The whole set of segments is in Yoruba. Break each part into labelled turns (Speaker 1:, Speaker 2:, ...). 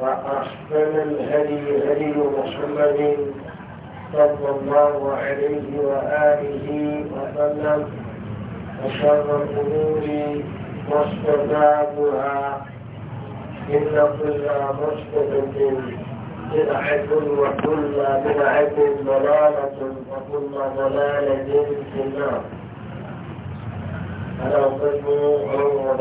Speaker 1: وأحسن الهدي هدي محمد صلى الله عليه وآله وسلم وشر الأمور مصطفاتها إن كل مصطفى بدعة وكل بدعة ضلالة وكل ضلالة في النار. أنا أقول أو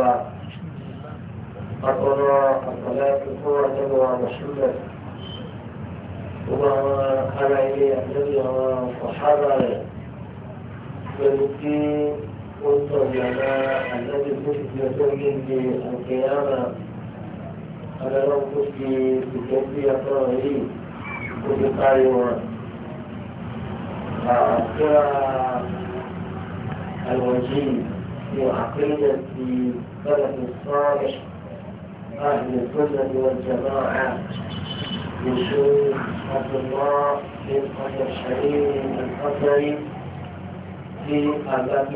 Speaker 1: أقول الصلاة سورة ومحمد وعلى النبي والصحابة فلتي قلت لنا الذي كنت يتوجد القيامة أنا لو كنت بجنبي أطرعي كنت قائما فأقرأ الوجيه في عقيدة في بلد الصالح أهل السنة والجماعة للشيخ عبد الله بن أبي الحليم الحضري في آداب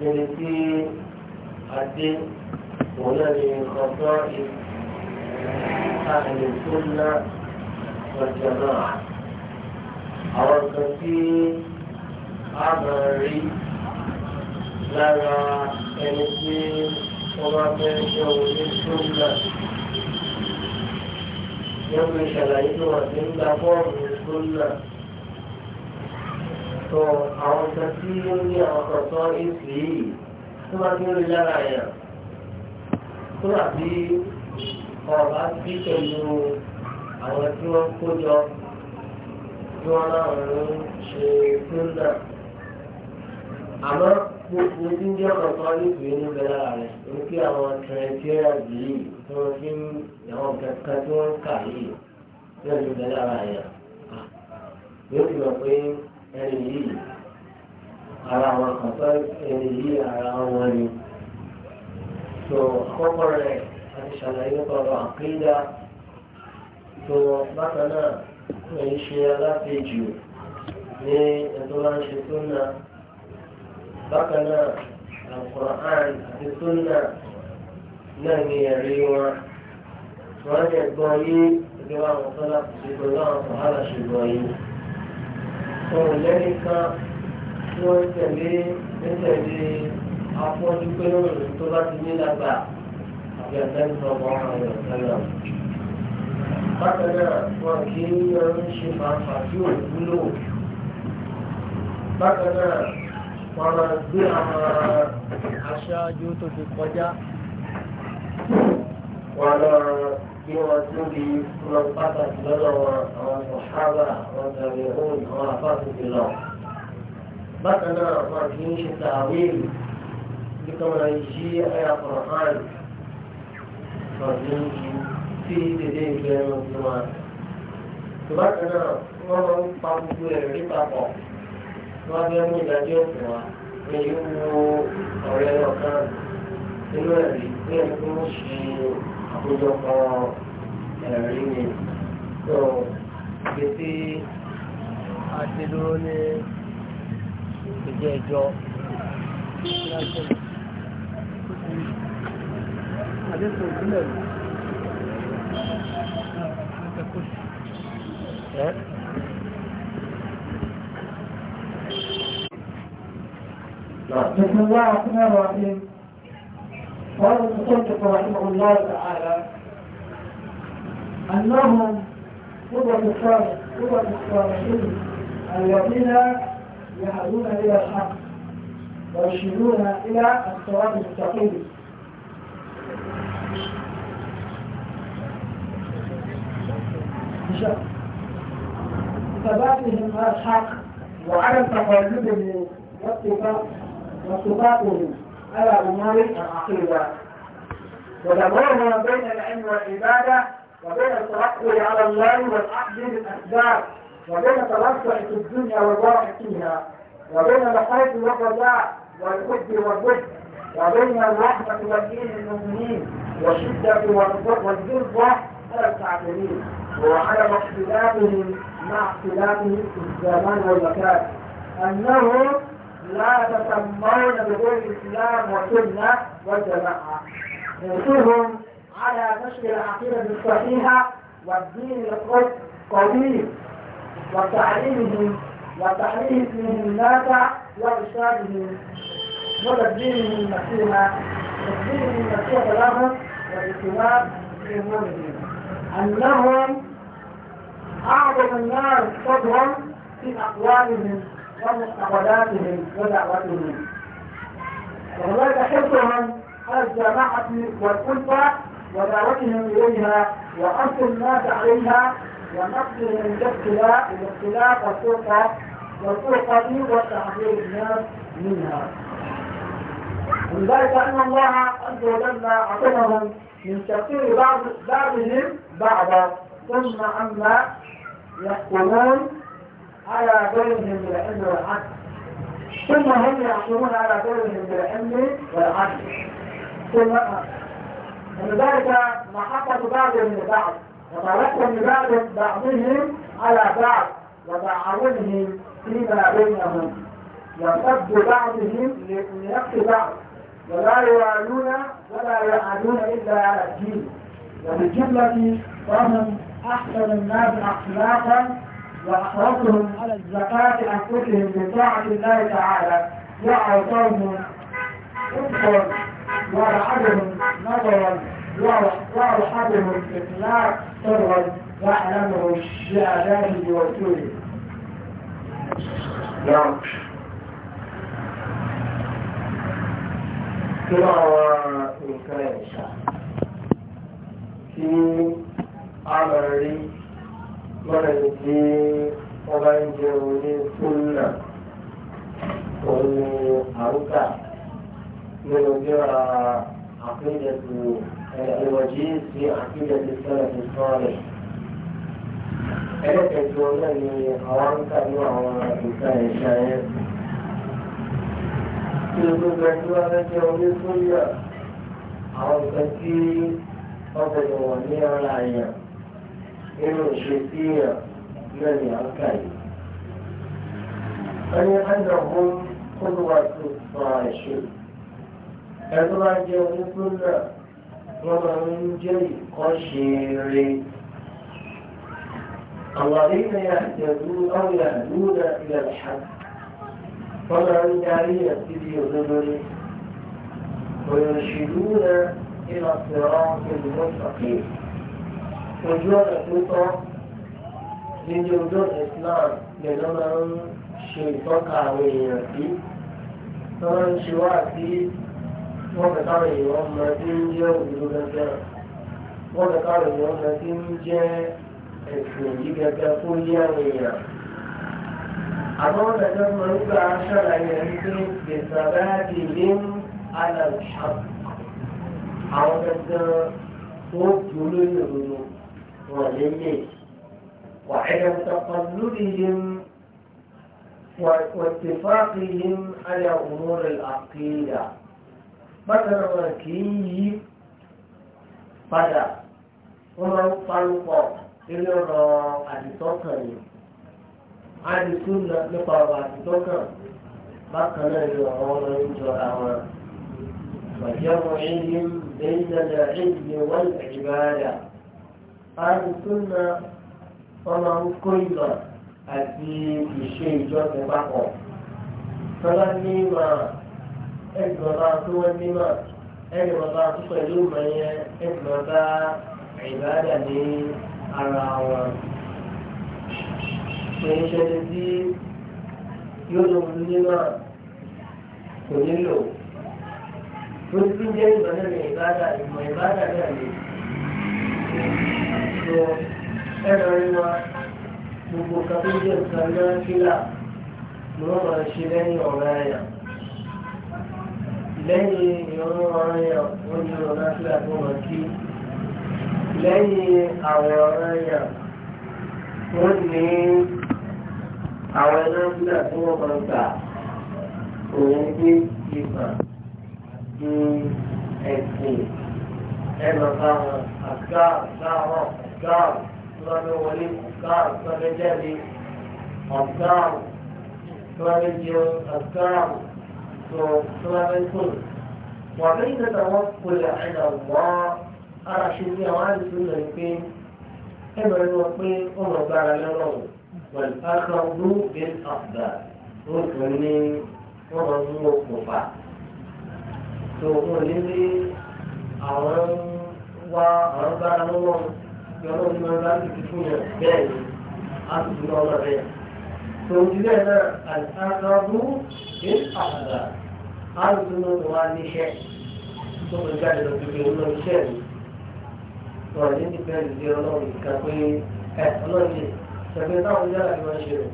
Speaker 1: من الدين الدين هنا خصائص أهل السنة والجماعة أو الكثير عبري لنا كنتين ọba bẹ́ẹ̀ jẹ́ òní ṣúgbà
Speaker 2: yóò fi ṣàlàyé
Speaker 1: tó wà sí ń gba fọ́ọ̀mù ṣúgbà tó àwọn kan tí ó ní àwọn kan tó ń sì yìí tó bá ti ń rí lára yàn tó wà bí ọba bí pẹ̀lú àwọn tí wọ́n kó jọ tí wọ́n láwọn ń ṣe ṣúgbà àmọ́ gbogbo tí ń jẹ́ ọ̀rọ̀ kan lóògbé ní bẹ̀rẹ̀ rẹ̀ ní kí àwọn tẹ̀rẹ̀tẹ̀rẹ̀ yìí tí wọ́n fi ń àwọn kankan tí wọ́n ń kà yìí tí wọ́n fi bẹ̀rẹ̀ ara yà yóò fi mọ̀ pé ẹni yìí ara wọn kan tó ẹni yìí ara wọn ni. tó àkọ́kọ́ rẹ̀ àti ṣàlàyé nípa ọ̀rọ̀ àkéyídá tó bákan náà ẹ̀yìn ṣe aláfẹ́jù ní ẹ̀tọ́ bá ń ṣe tó náà bákan náà àkùrán àti súnà náà ní ẹ̀rí wọn wọ́n lè gbọ́ yí ìjọba àwọn sọ́lá ṣùgbọ́n láwọn sọ̀hálà ṣùgbọ́n yìí. ohun lẹ́yìn kan tí wọ́n tẹ̀lé nítẹ̀lé afọ́jú pé lóòrùn tó bá ti ní lágbà àti àtẹ́lẹ́ sọ̀rọ̀ àwọn ọ̀rọ̀ bákan náà wọn kì í yan ṣe fàǹfà tí ò wúlò. bákan náà ọ̀rọ̀ gbé àwọn aṣáájú tó ti kọjá wọn lọ bí wọn tóbi lọ pàtàkì lọ́dọ̀ wọn àwọn mọ̀hábà wọn tàbí òun àwọn afáàfin lọ. bákan náà wọn kì í ṣe tàwíìlì bí kí wọn yí ẹ̀yà kọ̀ọ̀hán wọn kì í yí sí dédé ìgbẹ́nu tiwọn. bákan náà wọn máa ń pa gbogbo ẹ̀rí papọ̀ wọ́n fẹ́ mú ìdájọ́ òfin wa ní ìwú ọ̀rẹ́ ọ̀kan nínú ẹ̀rí ní ẹni tó ń ṣe àkójọpọ̀ ẹ̀rí ni tó ṣe tí a ti dúró ní ìjẹ́ ẹjọ́ àdéhùn بسم الله الرحمن الرحيم قال المصدق رحمه الله تعالى أنهم قدوة الصالحين الذين يهدون إلى الحق ويرشدون إلى الصراط المستقيم ثباتهم على الحق وعلى تقلبهم واتفاقهم وصفاتهم على أمور العقيدة ودمرها بين العلم والعبادة وبين التوكل على الله والعقد بالأسباب وبين توسع في الدنيا والورع فيها وبين الخير والرجاء والود والبغض وبين الرحمة والدين المؤمنين والشدة والجربة على الكافرين وعلى اختلافهم مع اختلافهم في الزمان والمكان أنه لا تسمون بغير الإسلام والسنة والجماعة نوصيهم على نشر العقيدة الصحيحة والدين القويم وتعليمهم وتحريفهم النافع وإرشادهم وتدبيرهم المسيح تدبيرهم المسيح لهم والاهتمام بأمورهم أنهم أعظم الناس قدرا في أقوالهم ودعوتهم وهناك حرصهم على الجماعة والألفة ودعوتهم إليها وحث الناس عليها ونقلهم الاختلاف والفرقة والفرقة وتحذير الناس منها ولذلك أن الله عز وجل عطمهم من تفسير بعض بعضهم بعضا ثم أما يحكمون على دورهم بالعلم والعدل ثم هم يحكمون على دورهم بالعلم والعدل ثم ولذلك محطة بعض من بعض وتوكل بعض بعضهم على بعض وتعاونهم فيما بينهم يصد بعضهم لنفس بعض ولا يوالون ولا يعادون إلا على الدين وبالجملة فهم أحسن الناس أخلاقا وأحرصهم على الزكاة أنفسهم من طاعة الله تعالى وأعطاهم صدقا ورعدهم نظرا وأوحدهم إطلاق سرا وأعلمهم بآدابه وسوره نعم. قراءة الكلام في عمل lọ́rẹ̀ ìdí ọba ń jẹun ní súnà òun ni àrùkà nínú jẹ́ra àpéjẹ̀tù ìwọ̀jì sí àpéjẹ̀tù sọ́nà ti sọ́ọ̀rẹ̀. ẹlẹ́kẹ̀ẹ́jọ náà ni àwọn àrùkà ní àwọn nǹkan ẹ̀ṣẹ̀ yẹn. tí o gbogbo ẹni wá fẹ́ jẹun ní súnà àwọn nǹkan tí ọkọ̀ ìwọ̀n ní ọ̀la yẹn. إنه الشركية الذي أركاني أي أنهم قدوة الصالحين أدراجة السنة ومن جري قشير الذين يهتدون أو يهدون إلى الحق ومن جاريه في الظلم ويرشدون إلى الصراط المستقيم ojú ọ̀nà tó tọ́ níbi ojú ọ̀nà Islam lè lọ́ máa ń ṣe ìtọ́ka àwọn èèyàn sí wọ́n máa ń ṣe wá sí wọ́n fẹ́ káwọn èèyàn mọ tí ń jẹ́ òdodo gẹ́gẹ́ wọ́n fẹ́ káwọn èèyàn mọ tí ń jẹ́ ẹ̀sìn yìí gẹ́gẹ́ fún yí àwọn èèyàn. àwọn ọ̀dọ́dọ́ máa ń gba ṣàlàyé ẹni pé gbèsè bá di lé ń alàlùṣà àwọn gẹ́gẹ́ wọ́n dúró lórí òdodo. وليه وعلى تقلدهم واتفاقهم على أمور العقيدة مثلا كيه padà wọ́n máa ń parúpọ̀ ilé ọ̀rọ̀ àdìtọ́kàn ni àdìtú nípa ọ̀rọ̀ àdìtọ́kàn bákan náà ni ọ̀rọ̀ wọn máa ń jọra wọn. wàjẹ́ wọn ẹni bẹ́ẹ̀ náà ẹ̀yìn wọn ìbáradà àdùsúnà ọmọ ń kó ìlọ àti ìṣe ìjọsìn papọ̀ tọ́lá ní ìmọ̀ ẹgbẹ̀rún àti wọ́n ní ìmọ̀ ẹgbẹ̀rún àti pẹ̀lú ìmọ̀ yẹn ẹgbẹ̀rún bá ìbáàdà ní ara wọn. pé ìṣẹ̀lẹ̀ tí yóò lòun ní náà kò nílò tó ti ń jẹ́ ìmọ̀ ìbáàdà ìmọ̀ ìbáàdà náà ní lọ ẹran wa gbogbo kàtúndé nǹkan náà fílà ni wọ́n máa ṣe lẹ́yìn ọ̀rọ̀ ẹ̀yà lẹ́yìn ìrún ọ̀rọ̀ ẹ̀yà wọ́n ní ọ̀rọ̀ fílà tó wọ́n kí lẹ́yìn àwọn ọ̀rọ̀ ẹ̀yà wọ́n ní àwọn ẹ̀rọ fílà tó wọ́n máa gbà òun gbé ìgbà ní ẹ̀sìn ẹ̀rọ táwọn àgbà táwọn gáàrù tó bá fẹ́ wọlé gáàrù tó bá fẹ́ jáde àgáàrù tó bá fẹ́ jẹun àgáàrù tó bá fẹ́ sùn. وبين توكل على الله أرشد وعن سنة إبن وقين أمر بار لهم والأخذ بالأخبار ركني ومنظور كفا تقول لي أعلم وأعلم yọ̀rọ̀ ní máa bá ti fún yàn bẹ́ẹ̀ ni a sì tún lọ́wọ́ rẹ̀. tòun ti bẹ́ẹ̀ náà àtàkàbú ní àbàdà a sì tún lọ́wọ́ wá níṣẹ́ tó kọjá jáde lọ síbi òun lọ iṣẹ́ mi. wọ́n ní ti bẹ́ẹ̀ lè ọlọ́run nìkan pé ẹ ọlọ́run lè ṣẹ̀gbẹ́ táwọn yára ni wọ́n ṣe rẹ̀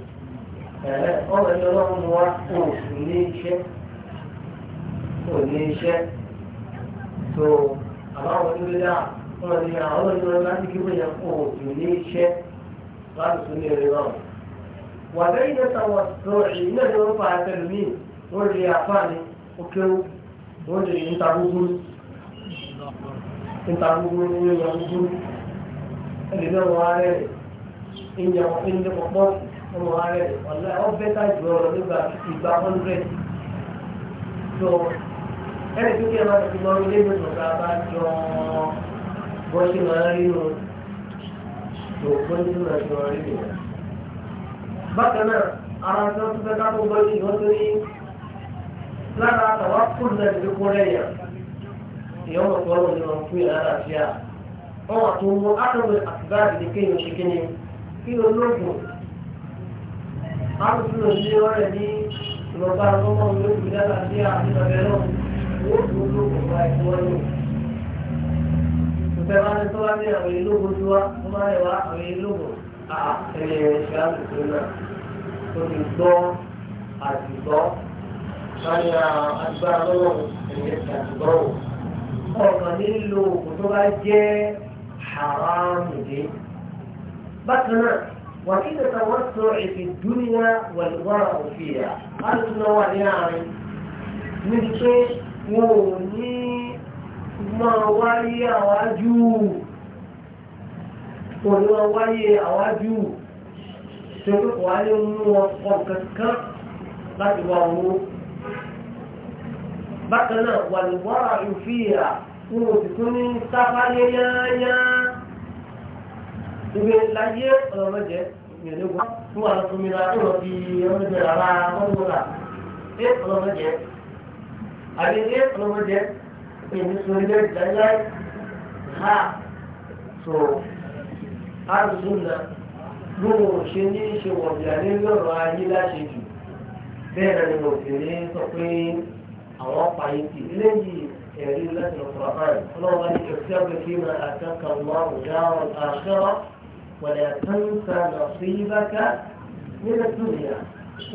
Speaker 1: wọn ni àwọn ìjọba láti kí wọ́n yẹ kó òjò ní iṣẹ́ láti tún ní eré náà. wàdé yìí lẹ́ta wọ sọ̀rọ̀ èyí náà ni wọ́n fa àtẹlùmí wọ́n lè àfáàní ó kéwú wọ́n lè níta gbúgbúrú níta gbúgbúrú ní ìyá gbúgbúrú ẹ̀lẹ́ náà wọ́n á rẹ̀ ìyá ìdí pọ̀pọ̀ ọmọ wa rẹ̀ ọ̀la ọ bẹ́tà jù ọ̀rọ̀ nígbà ìgbà hundred so ẹni tó kí ẹ máa tẹ̀síwọ́n ilé ìgbésọ̀ tá a bá jọ ọ́ wọ́n ṣe máa rí nu òògùn tí wọ́n ṣe máa rí nu. bákan náà ara tí wọ́n tún fẹ́ ká tó gbọ́ sí wọ́n tó ní lára àtàwọn kúrò náà ti kó lẹ́yìn ìyá wọn kọ́ lọ́wọ́ ní wọn fún ìlànà àlàáfíà wọn wà tó mú átọ́wé àtúgbà àdìdí kéèyàn ṣe kéèyàn kí olóògùn àrùn tí wọ́n ṣe wọ́n rẹ̀ ní ìwọ̀nba ọmọ òun ló fi dára sí náà wọ́n tó olóògùn wáyé wọ́n lò bẹ́ẹ̀ wá ní tó wá ní àwọn ìlógo tó wá tó máa yẹ wá àwọn ìlógo àtẹ̀lẹ̀ ìṣáàlù tó náà tó ti gbọ́ àtìgbọ́ báyìí agbára lọ́wọ́ ẹ̀yẹ ti àtìgbọ́ o. ọ̀kan nílò òkú tó bá jẹ́ haramu bákan náà wà kí tẹ̀sán wọ́n sọ èdè dúnìyà wà òfìyà. a lè tún náà wà níbi pé wọn ò ní máa wáyé àwájú wọ́n ni wọ́n wáyé àwájú tí ó kò wáyé mú wọn ọ̀kan kan láti wá owó bákan náà wà ní wọ́rà ìfìyà fún òsìkú ní sáfáyé yáyá ìgbé láyé ọ̀rọ̀ mẹ́jẹ ìrìnlẹ́gbọ́ fún àwọn mi náà ọ̀rọ̀ bí ọmọdé rárá ọmọdé rárá ẹ ìmísọ̀lẹ̀ tẹ́lẹ̀ ha tó àrùsùnà lóhùn ṣe ní ṣe wọ̀jà ní lọ́rọ̀ ayé láṣẹ jù bẹ́ẹ̀ ni mo fi rí sọ pé àwọn pààyè tì lẹ́yìn ẹ̀rí láti ọ̀pọ̀ àbáyé ọlọ́wọ́ ní ìṣẹ́gun kí máa àtàkà wọn ọ̀gá àṣọ ولا تنسى نصيبك من الدنيا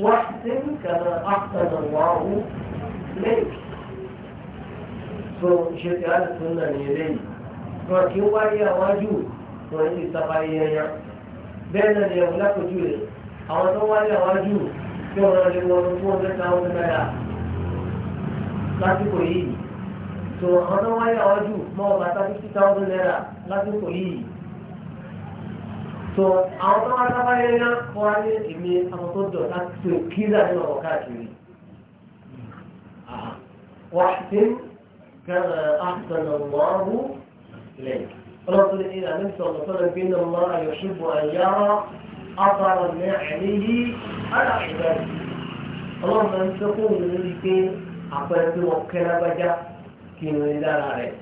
Speaker 1: واحسن كما أحسن الله إليك tó ṣe ti àdìsún náà ní eléyìí wọn kì í wáyé àwájú wọn ní ìsapá yẹnyẹn bẹ́ẹ̀ náà ni ẹ̀wọ̀n lápòjú rẹ̀ àwọn tó wáyé àwájú tí wọn lè wọ ọdún fún ọdún táwọn náírà lásìkò yìí tó àwọn tó wáyé àwájú mọ́ ọba táwọn fifty lásìkò yìí tó àwọn tó wá sábà yẹnyẹn kọ́ wá èmi àwọn tó dọ̀ láti tó kíra nínú ọ̀kọ́ káàkiri. wàá كما أحسن الله إليك رسول إلى النبي صلى الله عليه وسلم إن الله يحب أن يرى أثر نعمه على عباده اللهم أن تقول لك أقول لك وكلا بجا كينو إلى رأي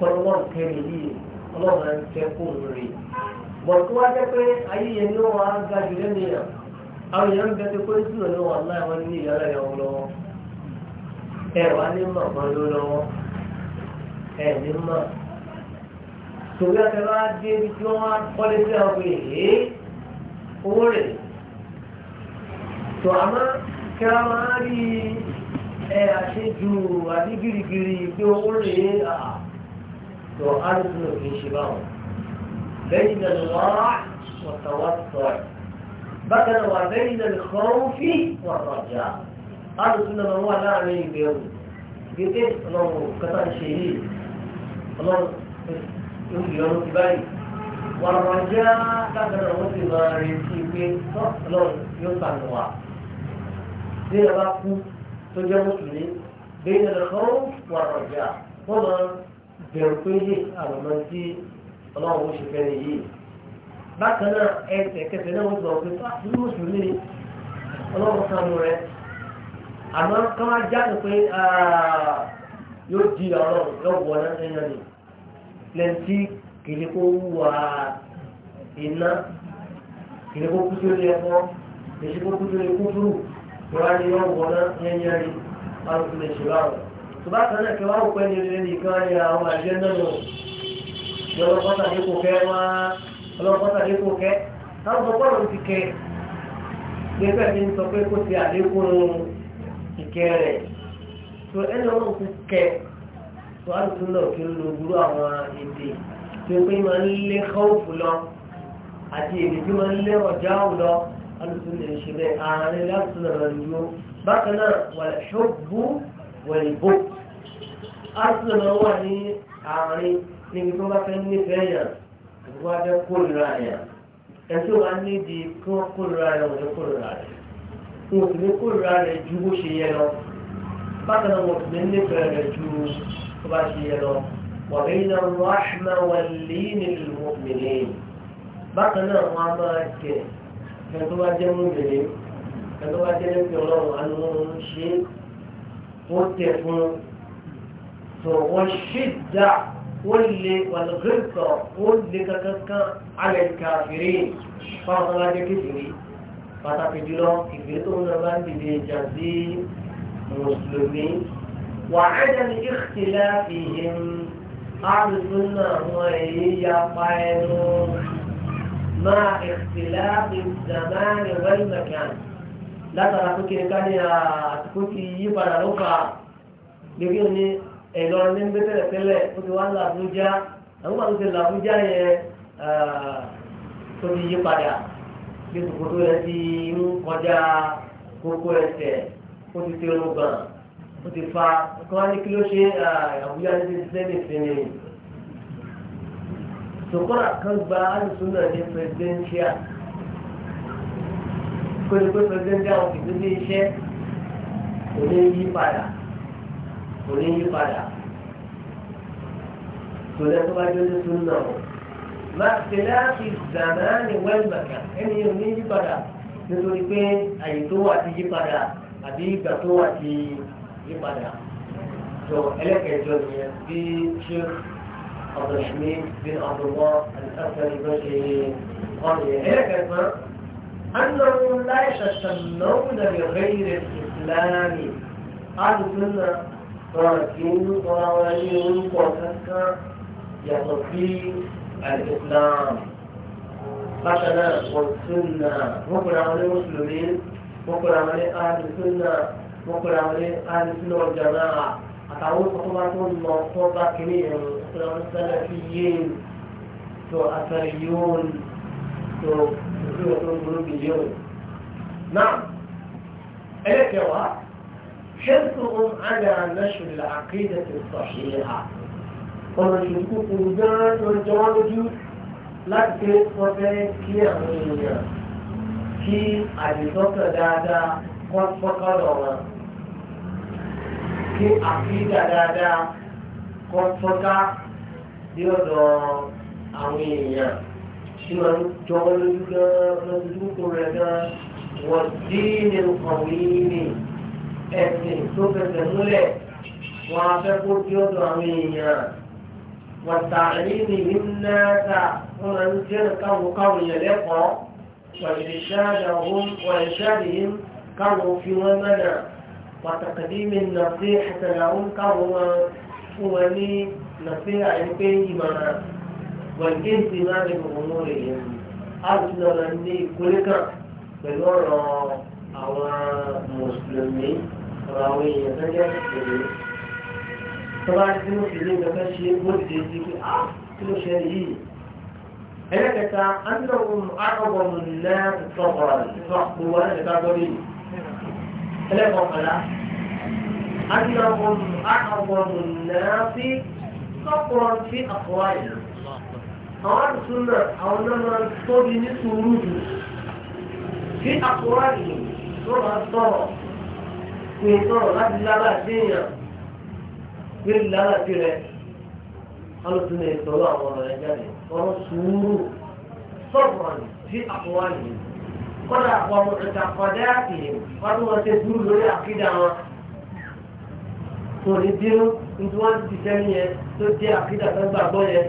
Speaker 1: قال الله كريم اللهم أن تقول لي bọ̀túwá jẹ́ pé ayé yẹn ní wọ́n á ga jù lẹ́nu yẹn àwọn èèyàn ń bẹ ẹ wà ní mọ̀ kan ló lọ́wọ́ ẹ ní mọ̀ tòbí àti wá dé ibi tí wọ́n wá kọ́lé sí àwọn pé èé owó rẹ̀ tó àmọ́ kí wọ́n máa rí ẹ àṣejù àbí gírígírí pé owó rẹ̀ à tó àrùn tó kì í ṣe báwọn lẹ́yìn náà lọ́wọ́ wọ́n tàwọn sọ̀rọ̀. بكر وبين الخوف والرجاء alùsùn náà wà láàrin ìbẹ̀rù gbégbé ọlọ́run kẹta ń ṣe yìí ọlọ́run olùyọrùn ti báyìí wàrà já lágbára wọn ti máa retí pé ọlọ́run yóò sànù wá bí ẹ bá kú tó jẹ́ mùsùlùmí bẹ́ẹ̀ ni ọlọ́run wàrà já wọ́n máa bẹ̀rù pé yìí àwọn ọmọ tí ọlọ́run ó ṣe fẹ́ nìyí bákan náà ẹsẹ̀ náà wọ́n ti wọ̀ pé fáwọn mùsùlùmí ọlọ́run sànù àmọ́ ká máa jáde pé yóò di ọ̀rọ̀ lọ́wọ́ náà nínú ni lẹ́ntì kìlì kó wà iná kìlì kó kútu lé ẹ̀kọ́ kìlì kó kútu lé kúfúrú wọ́n á ní lọ́wọ́ náà yẹ́nyẹ́ ni wọ́n á lè ṣe báwọn. tùbá kan náà kẹwàá òpẹ́ ní ilé nìkan ni àwọn àjẹ́ náà lọ lọ́lọ́pọ́tà ní kò kẹ́ máa lọ́lọ́pọ́tà ní kò kẹ́ táwọn ọgbọ́n ti kẹ́ gbẹ́gbẹ́ mi ń sọ pé kò sí àlékún ìkẹ́ rẹ̀ tó ẹni wọn ti kẹ́ tó á tún lọ kí ó lo burú àwọn èdè tó pé máa ń lé kọ́ọ̀fù lọ àti èdè tí máa ń lé ọjà lọ alùpùpù lè ṣe bẹ́ẹ̀ ààrẹ láti lọ́rọ̀ ìlú bákan náà wà ṣọ́ọ̀bù wẹ̀lìbò alùpùpù náà wà ní àárín níbi tó bá fẹ́ nífẹ̀ẹ́ yàn àti wọ́n á fẹ́ kórìíra yàn ẹ̀sùn wa nídìí kí wọ́n kórìíra yàn wọ́n kórìíra yàn wọn kò ní kórìíra rẹ̀ ju bó ṣe yẹ lọ bákan náà wọn kò ní nífẹ̀ẹ́ rẹ̀ ju bó bá ṣe yẹ lọ wà bẹ́ẹ̀ náà wọ́n á ṣe máa wà lẹ́yìn nílùú mọ̀mìnì bákan náà wọ́n á máa jẹ ẹ̀ bá jẹ́ mọ̀mìnì ẹ̀ tó bá jẹ́ lẹ́pẹ́ ọlọ́run àánú wọn ń ṣe wọ́n tẹ̀ fún tó wọ́n ṣì dá wọ́n lè wàlúùkọ́ wọ́n lè kankan alẹ́ kàfìrí fáwọn ọlọ́dẹ kékeré pàtàkì jùlọ ìgbé tó ń lọ bá ń dìde ìjà sí mùsùlùmí wà á jẹ́ ní ìhìn àrùsùn náà wọ́n èyí ya pa ẹnu máa ìkìlá ìzàmánì wẹ́lmẹ̀kàn látara tó kéré ká ní àtúkò ti yí padà ló fà gbégbé ní ẹ̀lọrin ní gbẹ́tẹ̀lẹ̀ tẹ́lẹ̀ ó ti wá ń làbújá àwọn àti ti làbújá yẹn tó ti yí padà tí kòkòtò rẹ̀ ti ń kọjá kókó ẹsẹ̀ ó ti ti rún gan ó ti fa kọ́ ní kí ló ṣe àwùjọ àti ti sẹ́yìn ìsinmi. sòkòrà kan gba alùpùpù náà ní pẹ̀sidẹ́ńtíà kó ní pé pẹ̀sidẹ́ńtíà wọn kì í dé iṣẹ́ kò ní yí padà kò ní yí padà tòlẹ́tọ́ bá jẹ́ ní sunu náà máa ṣe láti zamani wẹ́ẹ̀mẹ̀kà ẹni yóò ní yípadà nítorí pé àyè tó wà ti yípadà àbí ìgbà tó wà ti yípadà. tó ẹlẹ́kẹ̀ẹ́jọ nìyẹn bí sheikh abdulhamid bin abdullah al-asari bá ṣe kọ́ nìyẹn. ẹlẹ́kẹ̀ẹ́sán أنهم لا يتسمون بغير الإسلام أهل السنة ولكن قرآن يقول يتقي الإسلام حسنا والسنة وكنا من المسلمين وكنا من أهل السنة وكنا من أهل السنة والجماعة أتعود خطبات الموضوع كمين وكنا من السلفيين وأثريون اليوم نعم إليك يا حرصهم على نشر العقيدة الصحيحة ọ̀rọ̀ ìṣòkú fún gan tó ń jọ wọ́n lójú láti pé wọ́n fẹ́ kí àwọn èèyàn kí àdìsọ́kàn dáadáa wọ́n fọ́kànlọ̀ wọn kí àfíìdà dáadáa kọ́ fọ́ká dé ọ̀dọ̀ àwọn èèyàn tí wọ́n ń jọ lójú gan lójú kó rẹ̀ gan wọ́n dín ní nǹkan ẹ̀sìn tó fẹsẹ̀ múlẹ̀ wọ́n á fẹ́ kó dé ọ̀dọ̀ àwọn èèyàn. وتعليمهم الناس ومن تلقه قوي لقاء وإرشادهم وإرشادهم كانوا في ومنع وتقديم النصيحة لهم كانوا ولي نصيحة بينهما والاهتمام بأمورهم أجل أني كلك بنور àwọn mùsùlùmí ọ̀rọ̀ àwọn èèyàn tọ́lá tí ó fi lé nǹkan ṣe bó ti dé sí pé á ah, kí ló ṣe yìí. ẹlẹ́kẹta andrọ́gùn arọ́gọ́mù náà tọkọ̀rọ̀ nípa gbogbo ẹlẹ́kẹta gbọ́dọ̀ yìí. ẹlẹ́kọ̀ọ́kọ̀lá andrọ́gùn arọ́gọ́mù náà fi tọkọ̀rọ̀ fi àkọ́wá yìí. àwọn àtúntò náà àwọn náà máa ń tóbi ní sùúrù jù fi àkọ́wá yìí tó máa sọ̀rọ̀ pé lánàá ti rẹ alùpùpù lè sọ̀rọ̀ àwọn ọ̀rọ̀ rẹ jáde ọ̀rọ̀ sùúrù sọ̀rọ̀ sí àkọwá yìí kọ́dà àwọn ọmọ ìta kọ́dà yìí wọ́n tún wọ́n ṣe dúró lórí àkídà wọn tòní bínú nítorí wọ́n ti sẹ́yìn yẹn tó dé àkídà tó gbàgbọ́ yẹn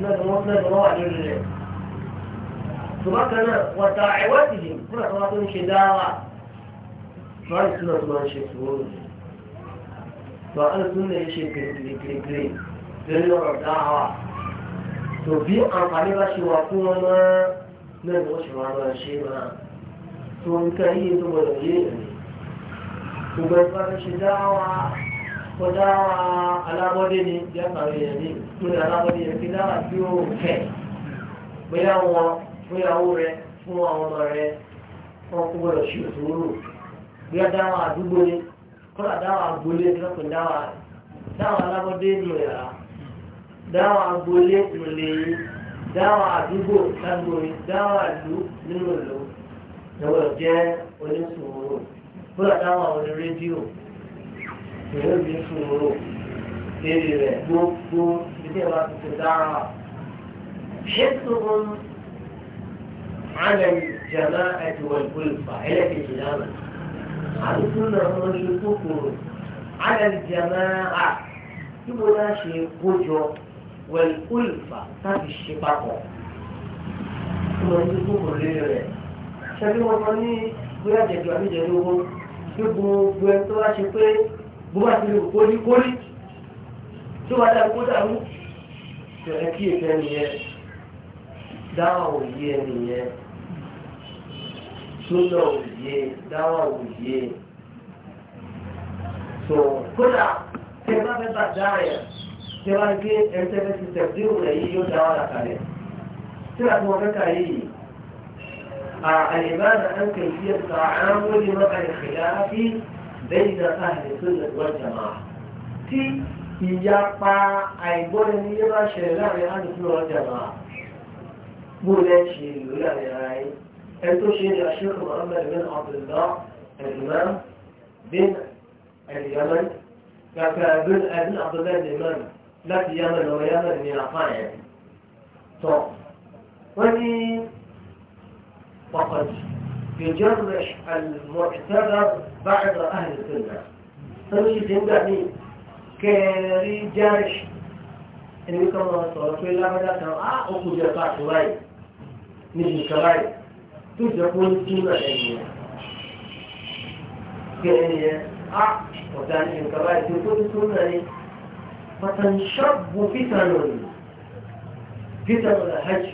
Speaker 1: náà ni wọ́n náà ni wọ́n wà lórí rẹ̀ ṣùgbọ́n kan náà wọ́n ta ẹ̀wọ́ sì yìí fún àtàwọn tó ń ṣe dáhà wọ́n ti tún to an suna ya ce kirkirkirkiri don lọ́rọ̀ dáhàwà to bí àǹfààní bá ṣe wà fún wọn máa náà ni wọ́n ṣe wà máa ṣe máa to n ká yíyẹ tó gbọdọ̀ yé ẹ̀mí gbogbo ẹgbẹ́ tó ṣe dáhàwà kọ dáhàwà alábọ́dé ni bí àpàrọ̀ yẹn ní tó ní alábọ́dé yẹn kí dáhàwà tí ó fẹ́ bóyá wọn rẹ fún àwọn ọmọ rẹ wọn kó gbọdọ̀ ṣe òṣòro bí a dáhàwà àdúgbò kọ́lá dáwà agbolé lọ́pọ̀ dáwà dáwà alábọ́dé nù ẹ̀rá dáwà agbolé nù lẹ́yìn dáwà àdúgbò lágbóyin dáwà ìlú nínú ìlú ìwọ jẹ́ oníṣòwò kọ́lá dáwà oní rédíò ìwọ bí ṣòwò èrè rẹ̀ gbogbo ilé wa tuntun dáwà ṣètùkùn alẹ́ jẹ̀má ẹ̀dùn ìgbòlùfà ẹlẹ́kẹ̀jì náà àdúgbò náà wọ́n ṣe kókòrò alẹ́jẹ̀mẹ́ à tí mo náà ṣe kójọ wẹ̀lú olùfà tàbí ṣe papọ̀ tí mo ṣe kókòrò lórí rẹ̀ ṣẹ́bí wọn kan ní bóyá jẹ̀jọ́ àbíjẹ̀jọ́ owó tí gbogbo ẹni tó wá ṣe pé gbogbo àti lè kó ní kórì tí wọ́n dá kó dàrú tẹ̀lé kí ètò ẹni dáhùn òye ẹni súnà òye dáwà òye tó kódà tẹ bá fẹ́ bá dáa yẹn tẹ bá gé ẹsẹ̀ ti tẹ̀sí òun yìí yóò dáwà làkàlẹ̀ tí a ti wọ́n fẹ́ kà yìí العبادة عن كيفية تعامل مع الخلاف بين أهل السنة والجماعة tí ìyapa àìgbọ́ni ní yẹ́ bá ṣẹlẹ̀ láàrin àdùsùn ọjà máa bó lẹ́ ṣe lò láàrin yìí أنتو شيء الشيخ محمد بن عبد الله الإمام بن اليمن كابن أبن عبد الله الإمام لا في اليمن ويمن من أقاعد طب ولي فقد يجرح المعتبر بعد أهل السنة فمشي تنبعني كاري جارش إني كما صرت في الله مدى كان أخذ جرقات شوي نجي شوي tó jẹ́ kó ní túnú ẹ̀yìn yẹn kí ẹ̀yìn yẹn á ọ̀dà ní nǹkan báyìí tó kó ní túnú ẹ̀yìn فتنشب فتن فتن الهجر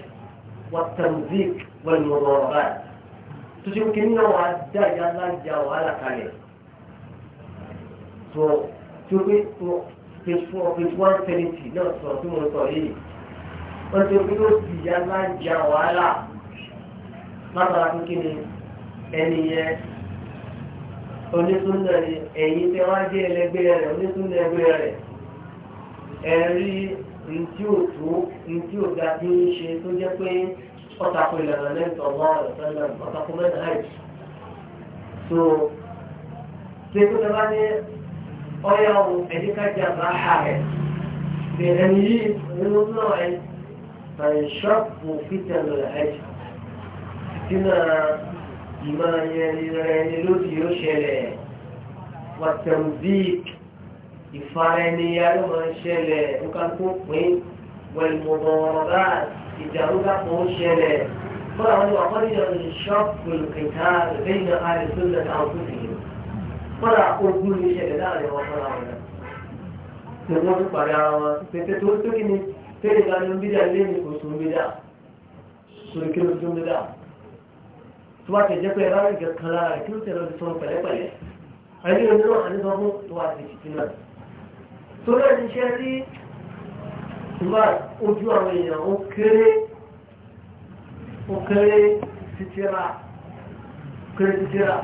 Speaker 1: والتمزيق والمضاربات تجيب كنا وعدا يلا جا ولا كلام so تجيب page four page one seventy náà sọ̀rọ̀ tó mo sọ yìí wọ́n ti gbé ó sì yá máa ń ja wàhálà látara kíkiri ẹni yẹ onísúnà ni ẹ̀yìn tí wọ́n jẹ́ ẹlẹgbẹ́ rẹ̀ onísúnà ẹgbẹ́ rẹ̀ ẹ̀rí ntí ò tó ntí ò ga bí ń ṣe tó jẹ́ pé ọ̀tàkùn ìlànà lẹ́tọ̀ wọ́n ọ̀tàkùn ọ̀tàkùn mẹ́ta láì so ṣe tó tẹ́lá ní ọyọ́ ẹ̀díkájà bá hà rẹ̀ bẹ̀rẹ̀ ní yìí náà ẹ̀ ṣọ́ọ̀pù fìtẹ̀lù ẹ̀jẹ̀ fìtínà ìmọ̀ ẹni lódì yóò ṣẹlẹ̀ wàtẹ̀mùbík ìfara ẹni yára máa ṣẹlẹ̀ nǹkan tó pín wẹ̀lmọ̀mọ̀rọ̀dá ìdàrúdàpọ̀ ṣẹlẹ̀ fọ́nà wọn ni wà kọ́ni yọ̀ ní ṣọ́ọ̀kù kìtà lẹ́yìn náà àrẹ tó lẹ̀ táwọn tó fi yìí fọ́nà ogun ní ṣẹlẹ̀ láàrin wọn fọ́nà wọn náà tí wọ́n tún parí ara wọn pété tó tó kí ni tẹ́lẹ̀ ìgbà ni lé ní kò sùn bí dà tó bá ti jẹ́ pé ẹ̀rọ ìgbẹ́ kan lára rẹ̀ kí ó tẹ̀lé ọdún tó ń pẹ̀lẹ́pẹ̀lẹ́ ẹni onírọ̀ àníṣọ́gbọ́n tó wà ti fìtì náà tó lẹ́ẹ̀ ní iṣẹ́ tí ìmọ̀ ojú àwọn èèyàn ó kéré ó kéré títíra kéré títíra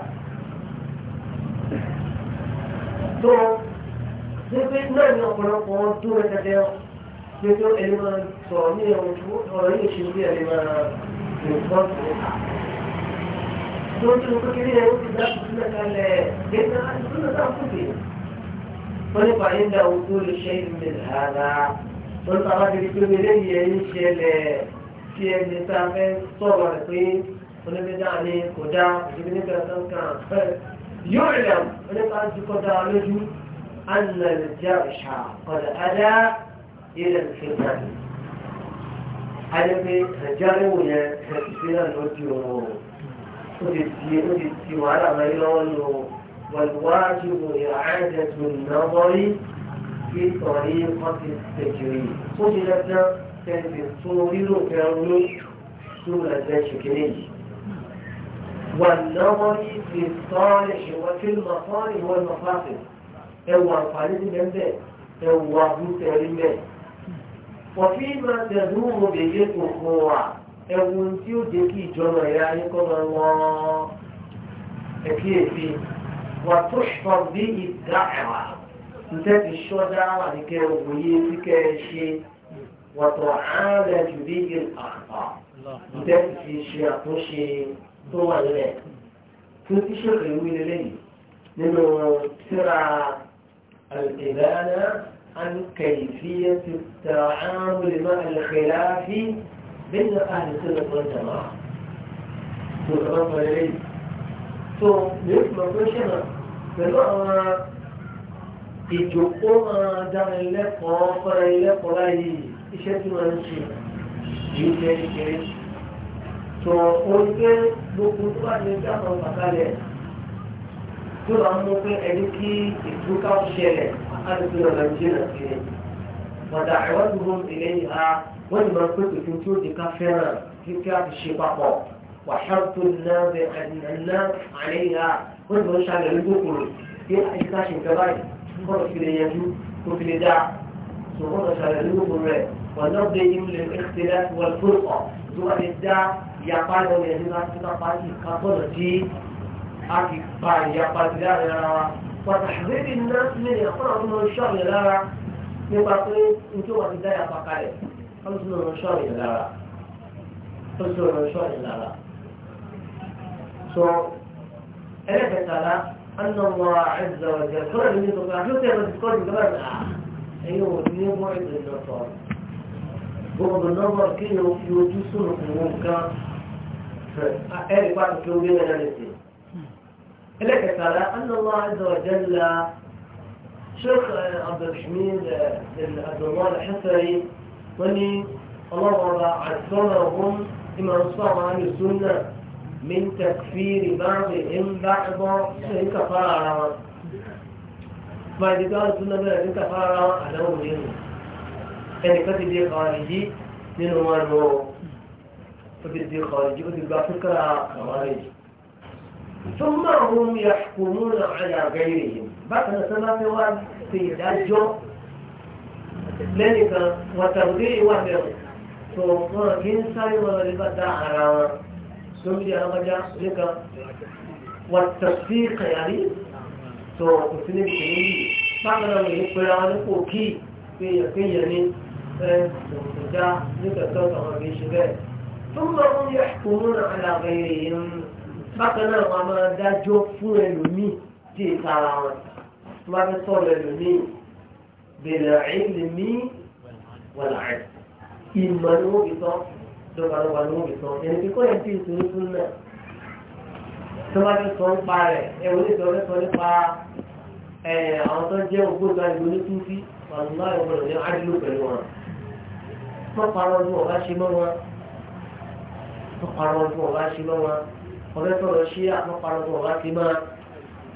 Speaker 1: tó pépé náà ní ọ̀pọ̀lọpọ̀ wọn tó rẹ̀kẹ̀tẹ̀ pé tó ẹni máa sọ̀rọ̀ ní ọ̀rọ̀ yìí ṣe bí ẹni máa rìn fọ́ọ̀tì tó ń tún kékeré rẹ̀ ó ti dá ìdílé kalẹ̀ gẹ́gẹ́ àdúgbò náà kù dé. wọ́n ní pàdé ń da ojú lè ṣe ìmìlẹ̀ rárá wọ́n ní pàdé ti pé wẹ́lẹ́ yẹ ń ṣẹlẹ̀ tí ẹni tá a fẹ́ sọ̀rọ̀ rẹ̀ pé onígbẹ́dá ni kò da lójú ànà ìjà ìṣà ó ti di ó ti di wàhálà máa ń lọ́wọ́ lò wàlúwájú ìhàjẹ̀tù ìnáwọ́rí kí sọ̀rí kan ti tẹ̀jìrì ó ti lẹ́sẹ̀ tẹ̀sí tún rírò fẹ́ràn ní tún lẹ́sẹ̀ ṣèkéré yìí. والنظر في الصالح وفي المصالح والمفاصل هو الخالد من ذلك هو مسلم وفيما تدور به الأخوة ẹ̀wùn tí ó jẹ́ kí ìjọba ẹ̀yà ayé kọ́ máa wọ́n ẹ̀kí ẹ̀fí wà tó ṣọ bí ìdá ẹ̀wà ǹtẹ́ ti ṣọ́dá wà ní kẹ́ òwò yé tí kẹ́ ẹ ṣe wọ̀tọ̀ ààrẹ jù wa bí ìlànà ǹtẹ́ ti fi ṣe àtúnṣe tó wà nílẹ̀ tó ti ṣe ṣèkèrè wí lẹ́yìn nínú síra الإبانة عن كيفية التعامل مع الخلاف بين أهل السنة والجماعة والعلماء والعلم tó lèèmọ̀ tó ṣẹ̀nà pẹ̀lú àwọn ìjòkó máa dára lẹ́kọ̀ọ́ fara lẹ́kọ̀ọ́ láyé iṣẹ́ tí wọ́n ń ṣe yìí jẹ́ ìṣeré tó oúnjẹ gbogbo tó bá lè dáhùn pàtàlẹ̀ tó bá mú pé ẹni kí ìtúkà ṣẹlẹ̀ àti ìpínlẹ̀ nàìjíríà kiri wọ́n dà ẹ̀wọ́n dúró ìlẹ́yìn ha. wọ́n ti máa pèsè fún tí ó di ká fẹ́ràn kí kí a ti ṣe papọ̀ wàhálàtò náà bẹ àdìnnà àléyà wọ́n ti máa ṣàlẹ̀ ní kòkòrò kí àyíká ṣe nǹkan báyìí kọ́nà fi lè yanjú kó fi lè dá ṣùgbọ́n kọ́nà ṣàlẹ̀ ní kòkòrò rẹ̀ wọ́n náà bẹ yín lè ṣe láti wọ́n tó ọ̀ tó wà lè dá ìyapa lọ́wọ́ yẹn nígbà tí wọ́n pa kí ká tọ̀nà tí a ti pa ìyapa ti láàrin ara wa pàtàkì nípa pé nítorí wà ti dá ìyapa kalẹ̀ خمس من مشاريع العراق خمس من مشاريع العراق so أنا تعالى أن الله عز وجل كل آه، من يتوقع شو تبغى تقول كمان أيوه الدنيا موعد للنصارى بغض النظر كي يوجسون قومك أهل بعض الكلمين الأنسي لك تعالى أن الله عز وجل شيخ عبد الحميد عبد الله الحسري wọ́n ní ọlọ́wọ́ba àtọ́nà ọ̀hún ìmọ̀ nsọ́ àwọn àlùsùn náà mi ń tẹ̀fìrì báńkì ń bá ẹgbọ́ ṣe ń kàfà ara wọn. máa di gáwọn tún náà bẹ̀rẹ̀ ní kàfà ara wọn àdáwò nínú ẹnìkan ti di kọ̀ọ̀rìjì nínú wọn lọ ó ti di kọ̀ọ̀rìjì ó ti gba fúkàrà kọ̀ọ̀rìjì. ثم هم يحكمون على غيرهم بكرة سنة في الأجر lẹ́nìkan wọ́n tàbí ìwà bẹ̀rù tó wọ́n kì í sáré wọn lè bá dá ara wọn sórí alágbájá nìkan wọ́n tàbí kàyàrí tó kò sí níbi tèmi yìí bákan náà lè pera wọn nípò kí kéèyàn ní ẹ òkúta nígbàtọ́ àwọn kì í ṣe bẹ́ẹ̀. tó ń bọ̀ wọ́n yẹ kùnú àlàbẹ̀ yìí bákan náà wọ́n máa dájọ́ fún ẹlòmíì tí ì sára wọn wọ́n bá fẹ́ sọ̀rọ̀ bẹ̀rẹ̀ ìlìmí wọ́n àrẹ̀ ìmọ̀ ni wọ́n fi sọ lọ́kàlọ́kà ni wọ́n fi sọ ẹni kíkọ́ yẹn ti ìṣòro fún náà tó bá ti sọ nípa rẹ̀ ẹ̀wọ̀n ní ìṣòro sọ nípa àwọn tó jẹ́ ògbóǹta ìlú ní túnfí wàlúwà ìwọ̀n ní àdìlú pẹ̀lú wọn wọ́n parọ́ wọn wọ́n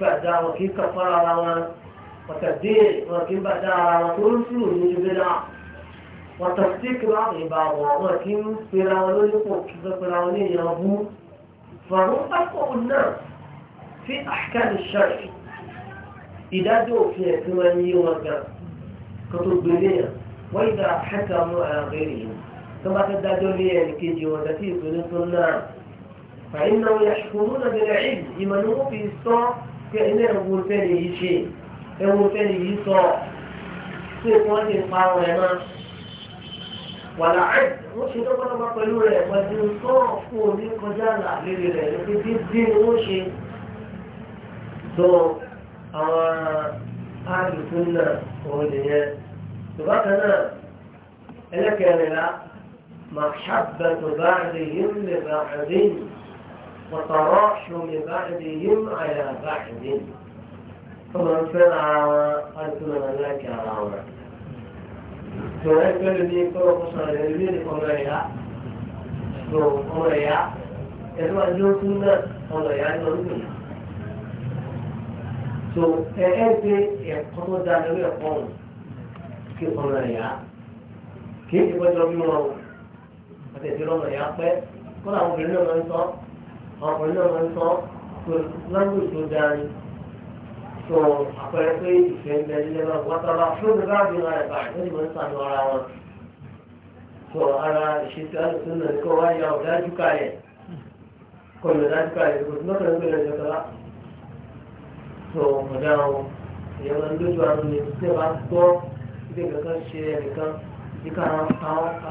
Speaker 1: بعد وكيف كفر وتبديل وكيف بعد وتنسل وجبنا وتصديق بعض بعض وكيف فراولون في فراولون يربو فهو أقوى الناس في أحكام الشرع إذا دعوا في الثمانية وكذا كتب وإذا حكموا على غيرهم كما تدعو لي الكيجي يعني وتتيب من السنة فإنهم يحكمون بالعلم لمن هو في pé ilé ẹ̀wọ̀n fẹ́lẹ̀ yìí ṣe ẹ̀wọ̀n fẹ́lẹ̀ yìí sọ pé wọ́n ti pa ọ̀rọ̀ ẹ̀ náà wàlá ẹ̀ wọ́n ṣe lọ́pọ̀lọpọ̀ pẹ̀lú rẹ̀ pẹ̀lú sọ́ọ̀ fún òní kọjá àlà líle rẹ̀ lókè dídí ni wọ́n ṣe tó àwọn àlùkù náà òun nìyẹn tòbá kan náà ẹlẹ́kẹ̀rẹ̀ la màṣàbẹ̀tò bá àdéhùn lè bá àdéhùn. وتراح من بعدهم على بعد ثم فرعوا أنتم ملاك عراوة تنكر لي كل قصر الهلمين قمريا قمريا إذا أجلتنا قمريا قمريا so ẹ̀ẹ́dẹ́ ẹ̀kọ́ tó dáa lórí ẹ̀kọ́ ọ̀hún kí ọmọ ẹ̀yà kí ìbọ̀jọ́ bí wọn àti ìdílọ́mọ ẹ̀yà pẹ́ kó làwọn obìnrin náà máa ń sọ ọkùnrin náà máa ń sọ language tó darí so àpẹẹrẹ pé ìfẹ́ ń bẹ nílé náà wátara fún mi láàbí ara ẹ̀bà lórí mọ̀ ń sànú ara wọn so ara ìṣètò àlùkò náà ní kó wá ya ọ̀dájú kalẹ̀ kó lè dájú kalẹ̀ kó tí lọ́kàn ń gbé lọ́jọ́ kọ́lá so ọ̀dà wọn ìyẹn máa ń lójú àrùn ní tí wọ́n bá gbọ́ ilé kankan ṣe ẹnìkan ìdíkà àwọn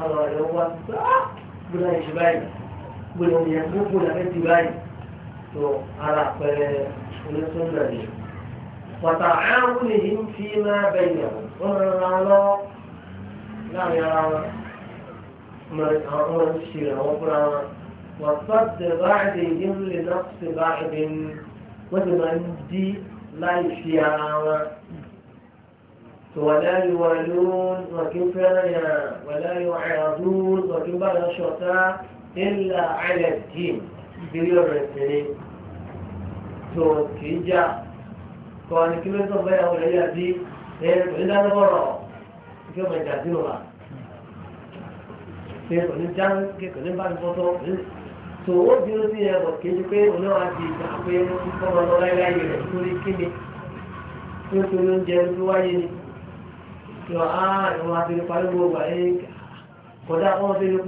Speaker 1: àlọ́ rẹ̀ wá gbọ́dọ̀ ah, ìṣe báyìí. bueno mi amigo por la gente وتعاونهم فيما بينهم قل على لا يا أمر الشيرة وقرانا وصد بعدهم لنقص بعد وزن المجدي لا يشيع ولا يوالون وكفرنا ولا يعرضون وكفرنا الشرطاء ilà àlẹ dín ìdílé rẹ̀ tẹ̀lé tó kì í já kọ́ ni kí ló ń sọ bẹ́ẹ̀ àwọn ẹ̀yà bí ẹ̀ kò ní dáná bọ̀rọ̀ kí ọmọ ìjà sínú wa pé kò ní já kí kò ní bá ní bọ́tọ̀ tó ó bí ó sì yẹ kò kí n pé oníwà ti ìjà pé kọ́ ọmọ ọlọ́lá ìlàyé rẹ̀ torí kí ni tó tó ló ń tó wáyé ni kí wọ́n á ìwọ̀n àti ìpàdé gbogbo àyè kọjá kọ́ ọ́n ti rí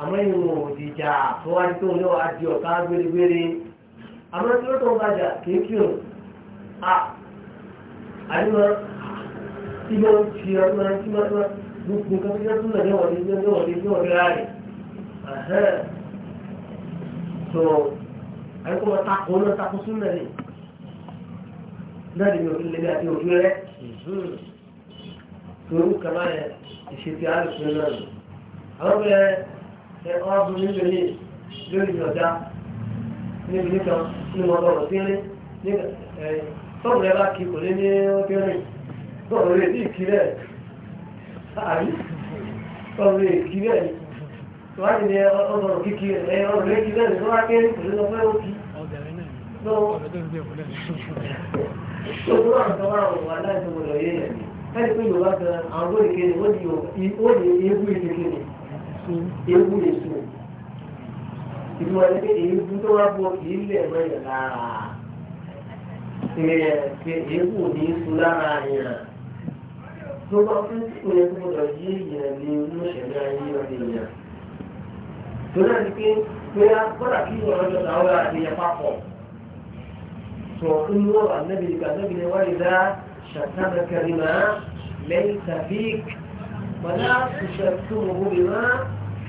Speaker 1: àmọ́ ìwọ̀n òdìjà tó wá tó ní àdí ọ̀ká gbérégbéré àmọ́ tí ó tó ń bàjà kéèkì ò àríwá tí wọ́n ti ọmọ tí wọ́n tí wọ́n gbogbo nǹkan tí wọ́n tún lọ níwọ̀n ní níwọ̀n ní níwọ̀n ní ráàyè so àyíkó wọn takò náà takò súnmọ́ ni náà ni mi ò fi lè ní àti òjú rẹ mhm. torí kàmáyà ìṣètì àlùfẹ́ náà àwọn bẹ̀rẹ̀ ẹ̀kọ́ ọdún nílò yìí lórí ìjọba níbi nìkan ní wọn lọ́rọ̀ sí ilé ẹ bá kí kò ní ní rẹ̀ sí rẹ̀ kíkí ẹ̀ rẹ̀ tó wá kéré kò ní lọ fẹ́ ó kí. fi ewu lè sùn ìlú wa ní pé ewu tó wá bọ kì í lẹ̀ mọ́ yẹn lára ṣe ewu ní sùn lára yẹn tó bá fún kò yẹ kó lọ yé yẹn ní inú ìṣẹ̀lẹ̀ ayé ọ̀dẹ̀ yẹn tó náà ní pé pé a gbọ́dọ̀ kí ọ̀rọ̀ jọ àwọn ará ìyẹn papọ̀ sọ inú ọ̀rọ̀ ànábì nípa ànábì ni wáyé dá ṣàtàbẹ̀ kẹrìnà lẹ́yìn tàbí wàlá ìṣẹ̀tùmọ̀ bímá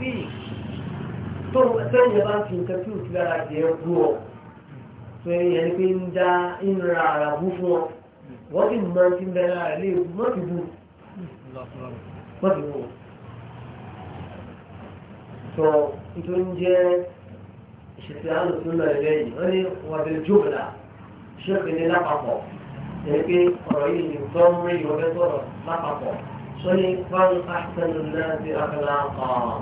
Speaker 1: fíì tó ẹ̀fẹ́ yẹn bá fi nǹkan tí ò sí lára jẹ́ bú ọ tó yẹn ni pé ń dá ń ra ara bú fún ọ wọ́n sì mọ ti ń bẹ lára ilé ìbú mọ́ ti bú mọ́ ti bú tó nítorí jẹ́ ìṣẹ̀tẹ̀ àlùfún náà lẹ́yìn wọ́n ní wọ́n ti jókòó ní lápapọ̀ ẹ̀kí ọ̀rọ̀ yìí ni tó ń rí ìwọ́fẹ́ sọ̀rọ̀ lápapọ̀ sọ ní fáwọn àṣìṣẹ́ lónìí láti àfẹ́lá kan.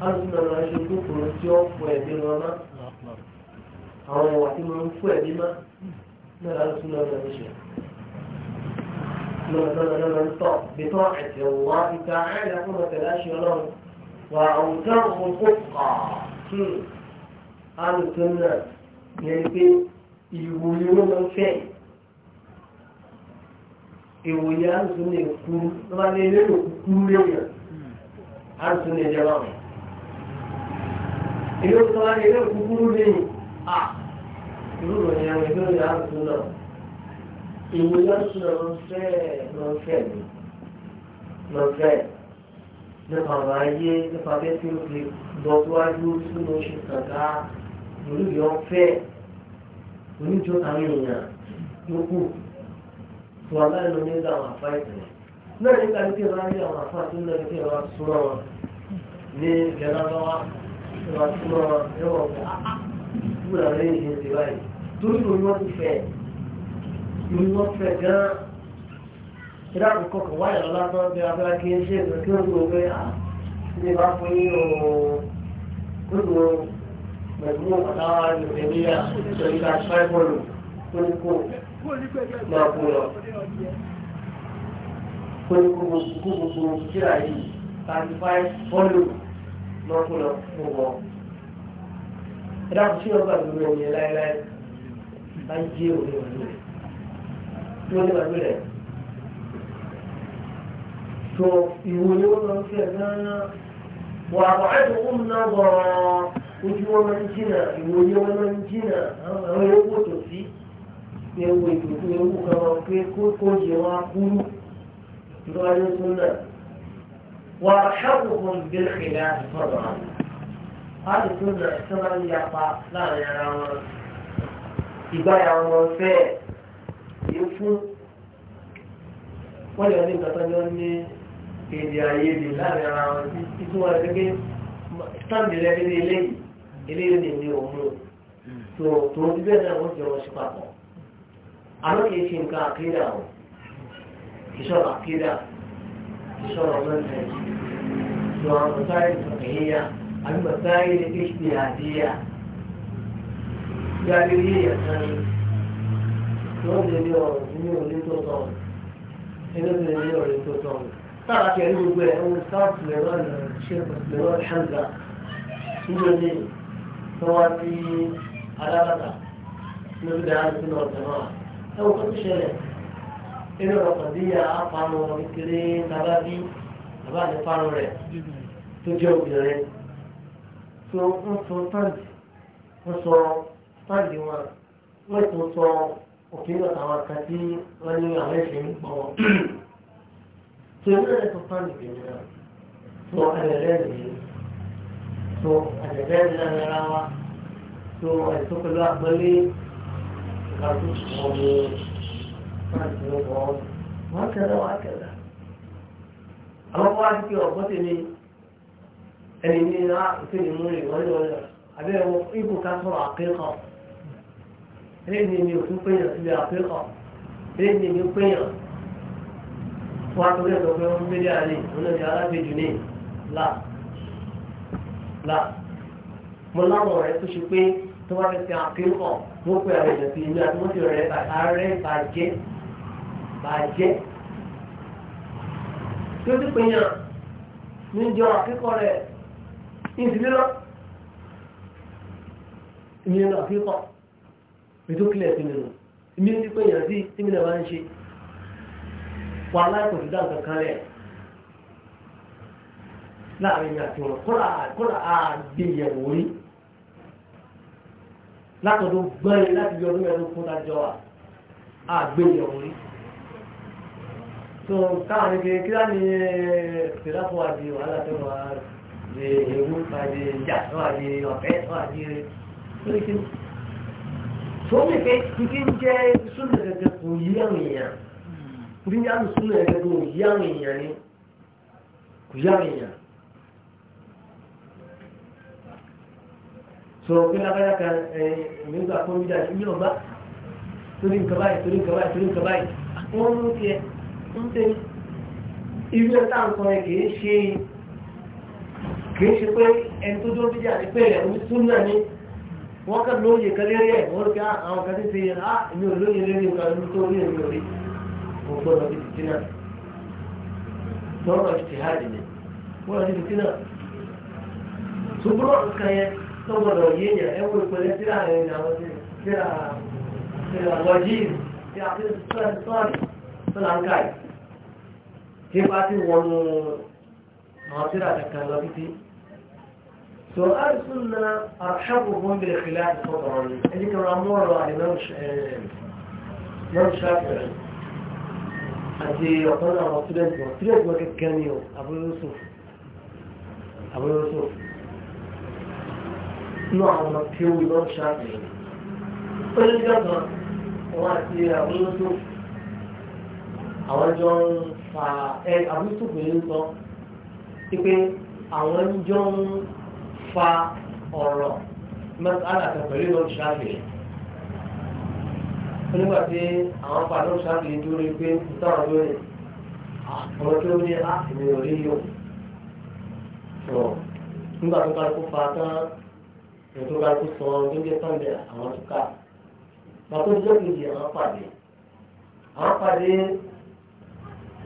Speaker 1: alùpùpù náà ṣe dúkùrú tí ó fọ ẹ̀mí wọn má àwọn ìwà tí wọ́n ń fọ ẹ̀mí má náà alùpùpù náà máa ń ṣe lọ́nà náà ń tọ̀ bíkọ́ ẹ̀sẹ̀ wá ìta ẹ̀rẹ́ fún ọ̀tẹ̀lá ṣe ọlọ́run wà àwùjọ òun kò kà kí hmm. alùpùpù náà yẹn pé ìwò ni wọ́n máa ń fẹ́ ìwòye alùpùpù náà kúrú lọ́wọ́ ilé ìlú kúrú lẹ́yìn alùpùpù náà jẹ́ báwọn ilé òkú wa ní ilé òkú kúrú ní à irú ìròyìn àwọn ìlú ìlú náà ìwé lọ́sùn lọ́n fẹ́ lọ́n fẹ́ mi lọ́n fẹ́ nípa ọ̀rọ̀ ayé nípa bẹ́ẹ̀ tí ó fi bọ́ síwájú sínú oṣù kàkà olùyọ̀ fẹ́ oníjó àwọn èèyàn yókù tó aláìlú ní ìlú àwọn àfáà ìtẹ̀lẹ̀ náà nípa ní kí bá rí àwọn àfáà tó ń lọ ní kí ẹ wọn ní ìjọba lọ́wọ́ ìwà tí wọ́n yọ̀wọ̀ wúra lé ìṣe ti báyìí torí lórí wọ́n ti fẹ́ lórí wọ́n fẹ́ gan-an ìdá àkókò kan wáyà lọ́la tó ń bẹ abẹ́rẹ́ kí n ṣe ìgbà kí ó ń gbọ́ pé à ní bá fún yín ooo kó lò ó pẹ̀lú ọ̀tàwá ìròyìn ní ìṣòyí ká ṣáìbọ̀lù tó ní gbogbo kíra yìí thirty five máa kó lọ fún wọn. ẹ dákun sí ọgbà lórí omi ẹ láéláé bá ń jí òní òní tí wọ́n ní wàá gbé rẹ̀. tó ìwò ni wọ́n máa ń fẹ́ gan-an wà á bọ̀ náà wọ̀rọ̀ ojú wọn máa ń jìnà ìwò ni wọ́n máa ń jìnà àwọn ewu òtòsí ewu ìdòkú ewu kan wọn pé kó kó yẹ wọn á kúrú ìwádìí tó náà. وارحبهم بالخلاف فضلا هذا كل احتمال يقع لا يرون ìgbà àwọn ọ̀fẹ́ yìí fún wọ́n lè ní ìtàtọ́jọ́ ní èdè àìyedè láàrin ara wọn tí títún wọn gẹ́gẹ́ sáàmì rẹ̀ nínú eléyìí eléyìí ní ní òun tó tó ń bẹ́ẹ̀ náà wọ́n ti wọ́n ṣe papọ̀ àmọ́ kìí ṣe nǹkan àkídà ọ̀ ìṣọ́ba àkídà ọ̀ شرع منهج شرع مسائل فقهية عن مسائل اجتهادية جاهلية lọ́dún ní ọ̀rọ̀ ní òní tó tọ̀ ẹgbẹ́ ní òní tó tọ̀ tára kẹ́ ní gbogbo ẹ̀ ń sáàpù lẹ́rọ lẹ́rọ ṣẹ́ńgà nígbà ní tọ́wá sí alábàtà lórí dáhùn sínú ọ̀sẹ̀ náà ẹ̀wọ̀n tó ti ṣẹlẹ̀ inú ọ̀pọ̀ bí apanu kékeré bàbá bí bàbá ní panu rẹ̀ tó jẹ́ obìnrin tó ń sọ táǹdì ń sọ táǹdì wọn wọ́n tó sọ òfin náà àwọn kan tí wọ́n ní àwọn ẹ̀sìn ń pọ̀ wọ́n tó inú rẹ̀ sọ táǹdì bìnrin náà tó ẹ̀rẹ̀ nìyí tó ẹ̀rẹ̀ nìyí lára wa tó ẹ̀sọ́ pẹ̀lú àgbọ̀lé ìgbà tó وهكذا وهكذا àwọn ọkọ̀ wájú pé ọ̀gbọ́n tèmi ẹni ní iná ìfẹ́lẹ̀ mú rẹ̀ wọ́n lọ rẹ̀ abẹ́rẹ́ wọn ibù ká sọ̀rọ̀ àpẹ́kọ̀ eléyìí ni mi ò tún péyàn síbi àpẹ́kọ̀ eléyìí ni mi ò péyàn wọn àtúndé ẹ̀dọ́ pé wọ́n gbélé àlè wọn lọ́ọ́ di alábẹ́jù ní là là mo láwọn ọ̀rẹ́ tó ṣe pé tó wá fẹ́ fi àpẹ́kọ̀ wọ́n pè àrẹ̀jẹ̀ sí ilé àti wọ́n ti rẹ̀ ààrẹ bàjẹ́ bàjẹ́ tí ó ti pè yàn níjọ akẹ́kọ̀ọ́ rẹ̀ ìsìlélọ́ ìmìnira akẹ́kọ̀ọ́ ètò kílẹ̀ sí nínú ìmìnira ti pè yàn sí ìmìnira bá ń ṣe wà láìpò sí dáǹkan kan rẹ̀ láàrin ìrìn àti wọn kọ́lá àgbéyẹ̀wò rí látọ̀dọ̀ gbọ́n láti bí ọdún ẹ̀dùn fún dájọ́ àgbéyẹ̀wò rí so káwọn níbi kí wá ní eh, ìdáfọ́ àti wàhálà tó wà di ewu àti ìjà tó wà di ọ̀fẹ́ tó wà di oríṣi tó ní pé kíkí ń jẹ́ súnmọ̀ gẹ́gẹ́ kò yí àwọn èèyàn bí ní àmì súnmọ̀ gẹ́gẹ́ kò yí àwọn èèyàn ni kò yí àwọn èèyàn so pé lábáyá kan ẹ̀yìn eh, ìgbà fún mi dà ní ọgbà torí nǹkan báyìí torí nǹkan báyìí torí nǹkan báyìí ń tẹ́ irú ẹ̀ta nǹkan ẹ̀ kìí ṣe kìí ṣe pé ẹni tó dúró bíjà ní pé ẹ̀ ń tún náà ní wọ́n kàn lóye kan lérí ẹ̀ wọ́n rí ah, àwọn kan ti ṣe á ah, èmi ò lóye lérí nǹkan ẹni tó rí èmi ò rí kò gbọ́dọ̀ bí ti ti náà wọ́n kàn ti hàdì ní wọ́n rí ti ti náà ṣùgbọ́n nǹkan yẹn tó gbọ́dọ̀ yéèyàn nípa tí wọ́n mú àwọn tíra kankan lọ títí. tó àìsùn na àṣàbò fún bèrè fìlà àti sọ́kọ̀rọ̀ ni ẹni kan ra mú ọ̀rọ̀ àdìmọ́ṣàfẹ́rẹ́ àti ọ̀kan náà wọ́n tílẹ̀tì wọ́n tílẹ̀tì wọ́n kẹ́kẹ́ ni ó àbúrúsù àwọn ọmọ tí ó wù lọ́wọ́ àbúsùfù ń sọ pé àwọn jọ ń fa ọ̀rọ̀ mẹ́tàlàkà pẹ̀lú ìwọ̀n ṣáàfì nígbà àwọn padà ń ṣáàfì dúró pé ìtàn lórí àwọn tó ní àmì orí yóò sọ nígbà tó kálukú fa tán ètò kálukú sọ lóde sànńdẹ àwọn tó ká bàtó jẹ́ kejì àwọn pàdé àwọn pàdé.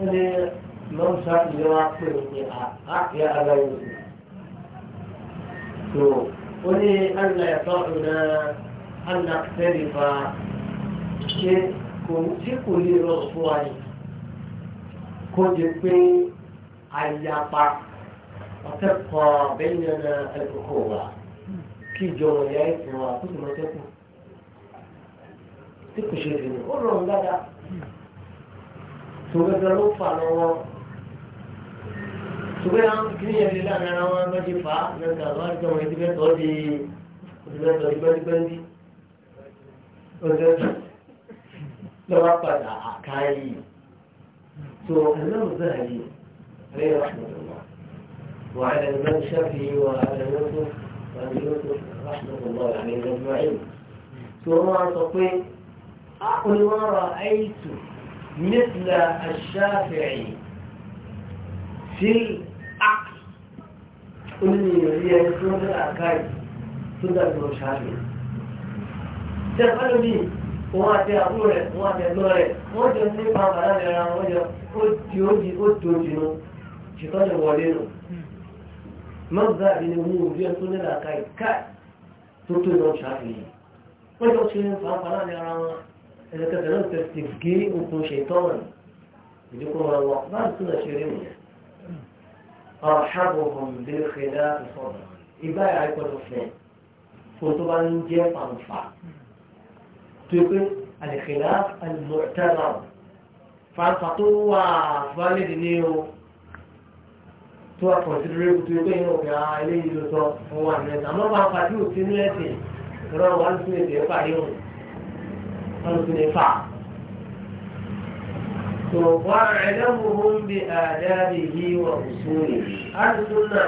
Speaker 1: ó ní mọ́ṣá ìlera pé o ní àáfíà ara òsì tó ó ní àná ẹ̀tọ́ ìná àná fẹ́ẹ̀lì fa ṣe kò tí kò lè rọ fún wa yìí kó di wa kí ìjọba ìyá ìfún wa kó sì mọ́ sẹ́kù tí kò ṣe fi ní ó rọrùn dáadáa sògbẹ́gbẹ́ ló fà lọ́wọ́ sògbẹ́ náà kí ni ẹ̀rí láàrin ara wọn méjì fà á mẹ́ta àwọn àti àwọn ẹ̀dí mẹ́tọ́ di ẹ̀dí mẹ́tọ́ di pẹ́ndípẹ́ndí ọ̀dẹ́ lọ́wọ́ padà àkáyì tó ẹ̀lẹ́rù bẹ́ẹ̀ yìí rẹ̀ ràṣùmọ̀lá وعلى الإمام الشافعي وعلى يوسف وعلى يوسف رحمة الله عليه أجمعين ثم أعتقد أقول ورأيت مثل الشافعي في العقل قلني هي سنة الأكاد سنة الشافعي تفعل لي wọ́n ti àbúrò rẹ̀ wọ́n ti ẹ̀gbọ́n rẹ̀ wọ́n jọ ní ipa bàbá rẹ̀ ra wọ́n jọ ó ti ó di ó tó di nu ṣùgbọ́n ní wọlé nù. mọ́gbà ìní mú òbí ẹ̀ tó ní làákà ìka tó tó lọ ṣáàfì yìí wọ́n jọ ṣe ń fa bàbá rẹ̀ ra wọn ẹ̀rọ kẹfẹ́ náà fẹ́ ti gé okun ṣe tọ́nà ìdíkò wọn wọ bá ń túnà ṣe rí mi ọ̀ṣàbò hàn bí xẹlẹ́ ìfọ̀dà ìgbà yà ìpọ̀dọ̀ fẹ́ fún tó bá ń jẹ́ pàǹfà tó yẹ pé àlèkèlá àlùmọ̀tẹ́rà pàǹfà tó wà fúnálẹ́dì ní o tó wà kọ̀ǹsídírébù tó yẹ pé ìwọ̀n خلق بآدابه وأصوله أهل السنة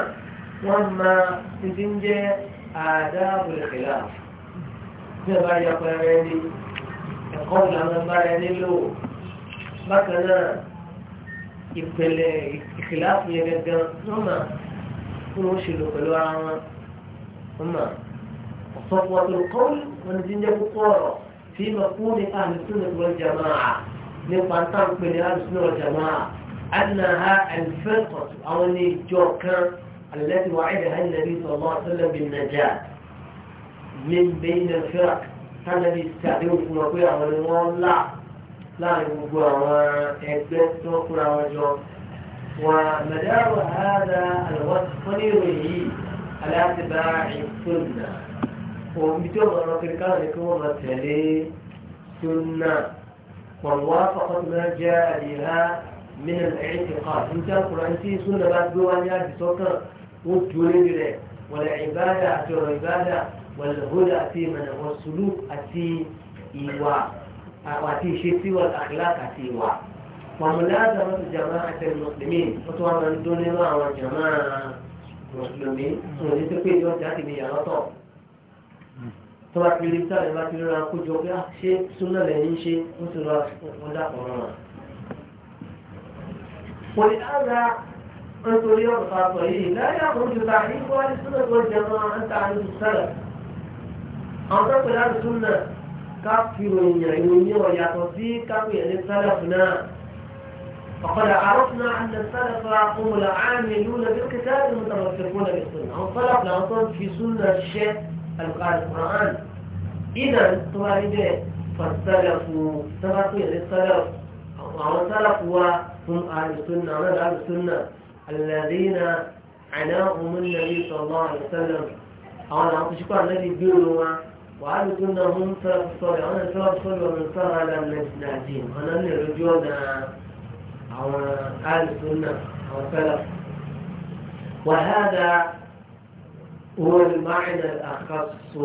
Speaker 1: وما تتنجى آداب الخلاف كما يقول عندي القول لهم ما يدلوا بكنا يقول الخلاف يقدم نعم ونوش اللي قلوا عنا نعم وصفوة القول ونزنجة القرى sí mọ̀kúnrin àlùsùn wal-jamā'a nípa táǹpẹ̀ ní àlùsùn wal-jamā'a annaha al-firqah àwọn التي وعدها النبي صلى الله عليه وسلم بالنجاة من بين الفرق الذي يستعدون في مقوية والله لا يبقى وإكبت وقرى وجوه ومدار هذا الوصف قليله على اتباع السنة òun bí tí ó máa lọ kiri káàdì kí wọ́n máa tẹ̀lé sunna wàlúwà fọkàn máa jẹ́ àdìhá mìíràn ẹ̀yìn ti kọ́ àti níta kùrán tí sunna bá gbé wá ní àdìsọ́kàn wọ́n dúró níbi rẹ̀ wọ̀lẹ̀ ìbáàdà àti ọ̀rọ̀ ìbáàdà wọ̀lẹ̀ hódà àti ìmọ̀nà wọ́n sùlù àti ìwà àti ìṣesí wọ́n àkìláàkì àti ìwà. وملازمة جماعة المسلمين فتوى من دون الله وجماعة المسلمين ونسكي يوم جاتي بيانطو tó bá ah, ah, ti rí sáré bá ti rọra kójọ pé ṣé súnà lẹ́yìn ṣe ó ti rọra wọn dàpọ̀ náà. ولهذا أن تريد الخاطئين لا يخرج تعريف أهل السنة والجماعة عن تعريف السلف. أن تقول أهل السنة كافرين يعينون ويعتصي كافر يعني سلفنا فقد عرفنا أن السلف هم العاملون بالكتاب المتمسكون بالسنة. هم سلفنا أصلا في سنة الشيخ alùpàdé quran iná tó wá níbẹ̀ fàṣálàfù sábàtú yẹn sálàfù àwọn sálàfù wa fún àlùsùnà àwọn àlùsùnà alàdínà àná òmùn nàbí sọlọ àlùsálà àwọn àwọn kùsùkọ àlẹbí gbèrò wa wàhálù tó náà mú sálàfù sọlọ àwọn sálàfù sọlọ ọmọ sọlọ àlàmẹsìnàjì ọ̀nà lè rọjò náà àwọn àlùsùnà àwọn sálàfù. وهذا هو المعنى الأخص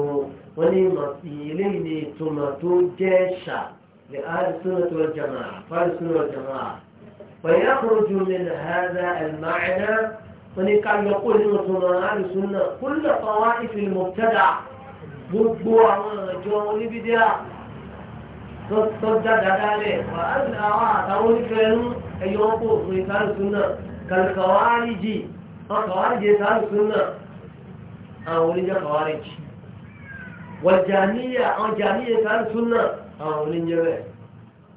Speaker 1: ولما إليه تمتو جيشا لآل السنة والجماعة فآل السنة والجماعة فيخرج من هذا المعنى ولكان يقول المسلمان آل السنة كل طوائف المبتدع بطبوع جول لبدا تصدد ذلك وأن أرى تقول كانوا أيوكو في آل السنة كالخوارج الخوارج آل السنة àwọn oníjẹ khawarij wal jahmiya àwọn jahmiya ìsàlù súnà àwọn oníjẹ bẹ́ẹ̀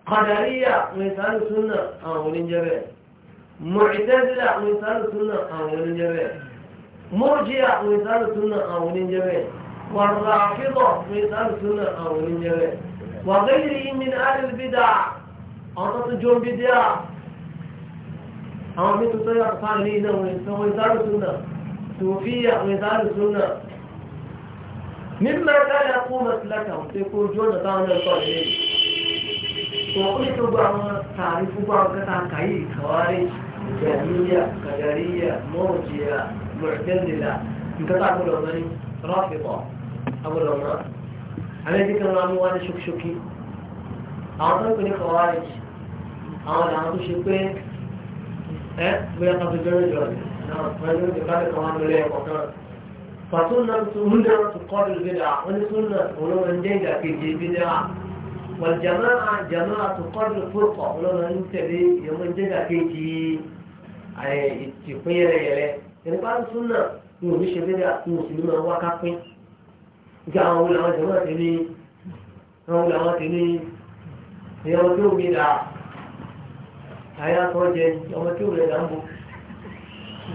Speaker 1: qadariya àwọn ìsàlù súnà àwọn oníjẹ bẹ́ẹ̀ mu'tazila àwọn ìsàlù súnà àwọn oníjẹ bẹ́ẹ̀ murji'a àwọn ìsàlù súnà àwọn oníjẹ bẹ́ẹ̀ والرافضة من أهل السنة أو من جبه وغيره من أهل البدع أنت تجون بدع أو من تطيع صالحين وإنسان السنة صوفية مثال سنة مما كان يقوم مسلكهم تقول جودة تعمل الطالبين وقلت بعض تعرف بعض قطع كعيد خوارج جهمية قدرية مرجية معتدلة انقطع أبو العماني رافضة أبو العمان الذي كان عمو وانا شكي أعطيك لي خوارج أعطيك شكوين إيه؟ ها بيقف الجنة جوانب pẹ̀lú ìkàlẹ̀ kan lórí ẹ̀kọ́ kan. fàtúnà tún dẹ̀rọ tó kọ́ lórí bídà wọ́n ní súnà olóòrùn jẹ́ǹgà kejì bídà wọ́n jàmáà jàmáà tó kọ́ lórí fúrkọ̀ olóòrùn tẹ̀lé ìyọ̀mọ̀ jẹ́ǹgà kejì ìtìpín yẹrẹyẹrẹ nípa súnà ní oníṣẹ́ bídà ní mùsùlùmí wọn wáká pín. nígbà àwọn wọlé àwọn jàmáà tẹ̀lé àwọn wọlé àwọn tẹ̀lé ìyọ̀mọ̀ tó gbé dà àyà ọmọ tó rẹ̀ ń bọ̀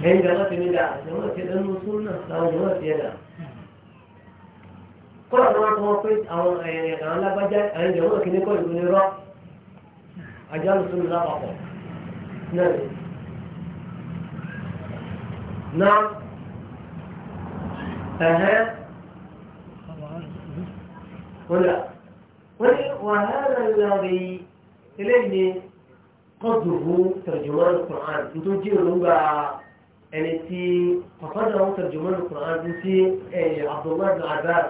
Speaker 1: ẹ̀yìn ìjọba ti ní dáa ìjọba ti lẹ́nu sún náà làwọn ìjọba ti yẹ dáa. kọ́lá ni wọ́n tún wọ́n pé àwọn àwọn alágbájá àwọn ìjọba kìíní kọ́ ìlú ní rọ́ àjálù sún ní lápapọ̀ náà ni. na ẹ̀hẹ́ kọ́lá wọ́n ní wàhálà lọ́rí eléyìí ni قدره ترجمان القرآن انتو جيروا بقى ẹni tí ọ̀pọ̀lọpọ̀ àwọn tẹ̀jùmọ́ ní kùrán ti sí ẹ̀yìn Abdullahi bin Abbas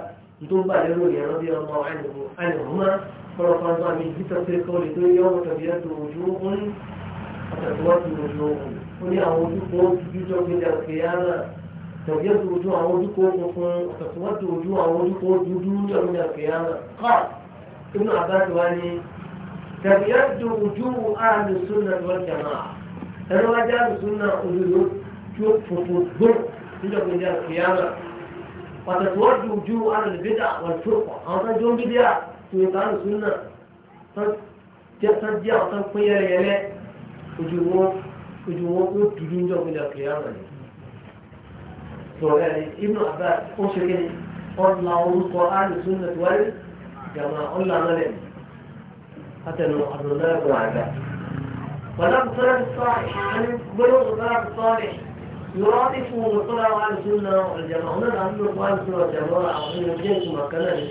Speaker 1: tó ń bà lérò yẹn lọ́bí ọmọ àìníhùnmá fọlọ́fọlọ́ àmì ìjísọ̀ pé kọ́ lè tó yẹ ọmọ tàbí ẹ̀tọ́ ojú òun àtẹ̀tọ́wọ́sí ojú òun ó ní àwọn ojúkọ ojújọ́ gbé dàrú kéyàrá tàbí ẹ̀tọ́ ojú àwọn ojúkọ funfun ojú àwọn ojúkọ dúdú dàrú dàrú kéyàrá kọ́ inú àbájọ wa ni tàbí ẹ̀tọ́ ojú náà lọ́jà ẹ̀rọ ajá àlùsùn náà ojú lóòótọ́ tí ó fòfò gbó níjọ́ pé ní àkìyàmà pàtàkì wọ́n ju ojú alẹ́lẹ́gbẹ́dà wọ́n tó àwọn tó ń jó ń bí díà tó yẹ káàlù sún náà tó jẹ́ àwọn tó ń pín yẹ́rẹ́yẹ́rẹ́ ojú wọn ojú wọn ó dúdú níjọ́ pé ní àkìyàmà ni. sọ̀rọ̀ ẹ̀ ibùdó àbá ó ṣe kí ni ọ̀la orúkọ alẹ́ sún náà tó wáyé jàmà ọ̀la náà lẹ́nu àtẹnu àbùrọ̀ náà kò àgbà. wàlá kò sọ́lá يرادف مطلع على السنة والجماعة هنا نحن نقول السنة والجماعة ومن يجيكم أكلم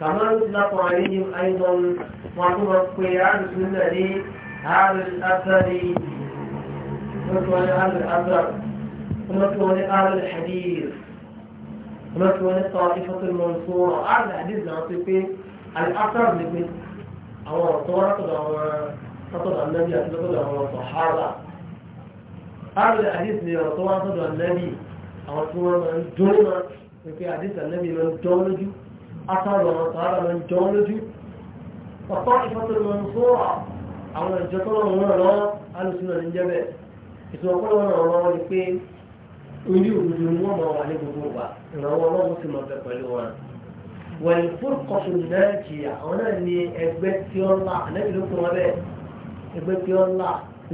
Speaker 1: كما يطلق عليهم أيضا وتبقي على السنة دي على الأثر مثل أهل الأثر ومثل أهل الحديث ومثل الطائفة المنصورة أهل الحديث العاطفي الأثر لمن أو الطورة أو تطلع النبي أو الصحابة àrùn àdìs ni ọ̀rọ̀ tó wá sọ́dọ̀ ànábì àwọn tí wọ́n máa ń dúró máa ń pè àdìs ànábì máa ń dán lójú àtàwọn àwọn sàárà máa ń dán lójú ọ̀pọ̀ ìfọ́tò máa ń sọ́rọ̀ àwọn ìjọ tó wọ́n wọ́n lọ́wọ́ alùsùnà ní jẹ́bẹ̀ ìtumọ̀pọ̀ wọn ràn lọ́wọ́ ni pé orí òdodo ni wọ́n máa wà ní gbogbo wa ìrànwọ́ ọlọ́run sì máa bẹ pẹ̀lú wọn wẹ̀lì fún kọ̀tùn náà àwọn náà ni ẹgbẹ́ tí ó ń ẹgbẹ́ tí ó ń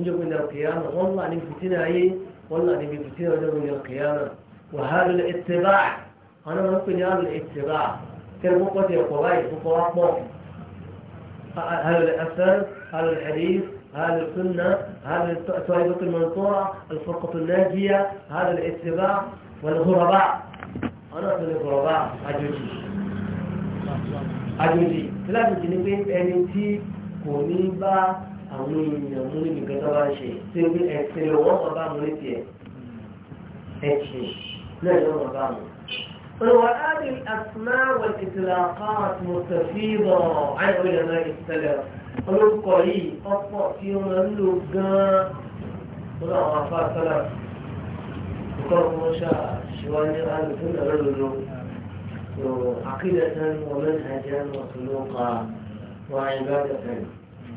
Speaker 1: نجوا من القيامة والله أن يفتنا أيه والله أن يفتنا ونجوا من القيامة وهذا الاتباع أنا ممكن هذا الاتباع كان مقوتي وقوائي وقوات موقف هذا الأثر هذا الحديث هذا السنة هذا التوحيدة المنصورة الفرقة الناجية هذا الاتباع والغرباء أنا أقول الغرباء أجوجي أجوجي ثلاثة جنبين أنتي كونيبا àwọn èèyàn mú níbi kan tó bá ń ṣe tí ó bí ẹ̀sìn rẹ̀ wọ́n mú ní tiẹ̀ ẹ̀sìn náà ló wọ́n bá mú. وهذه الأسماء والإطلاقات مستفيضة عن علماء السلف olórúkọ yìí ọ̀pọ̀ tí ó máa ń lò gan-an fún àwọn afáàfáà nǹkan ọmọ ṣàṣìwájú alùpùpù náà lòlò tó àkílẹ̀ tán ọmọ ìhàjẹ́ náà ló ń ka wọn tẹ̀lé.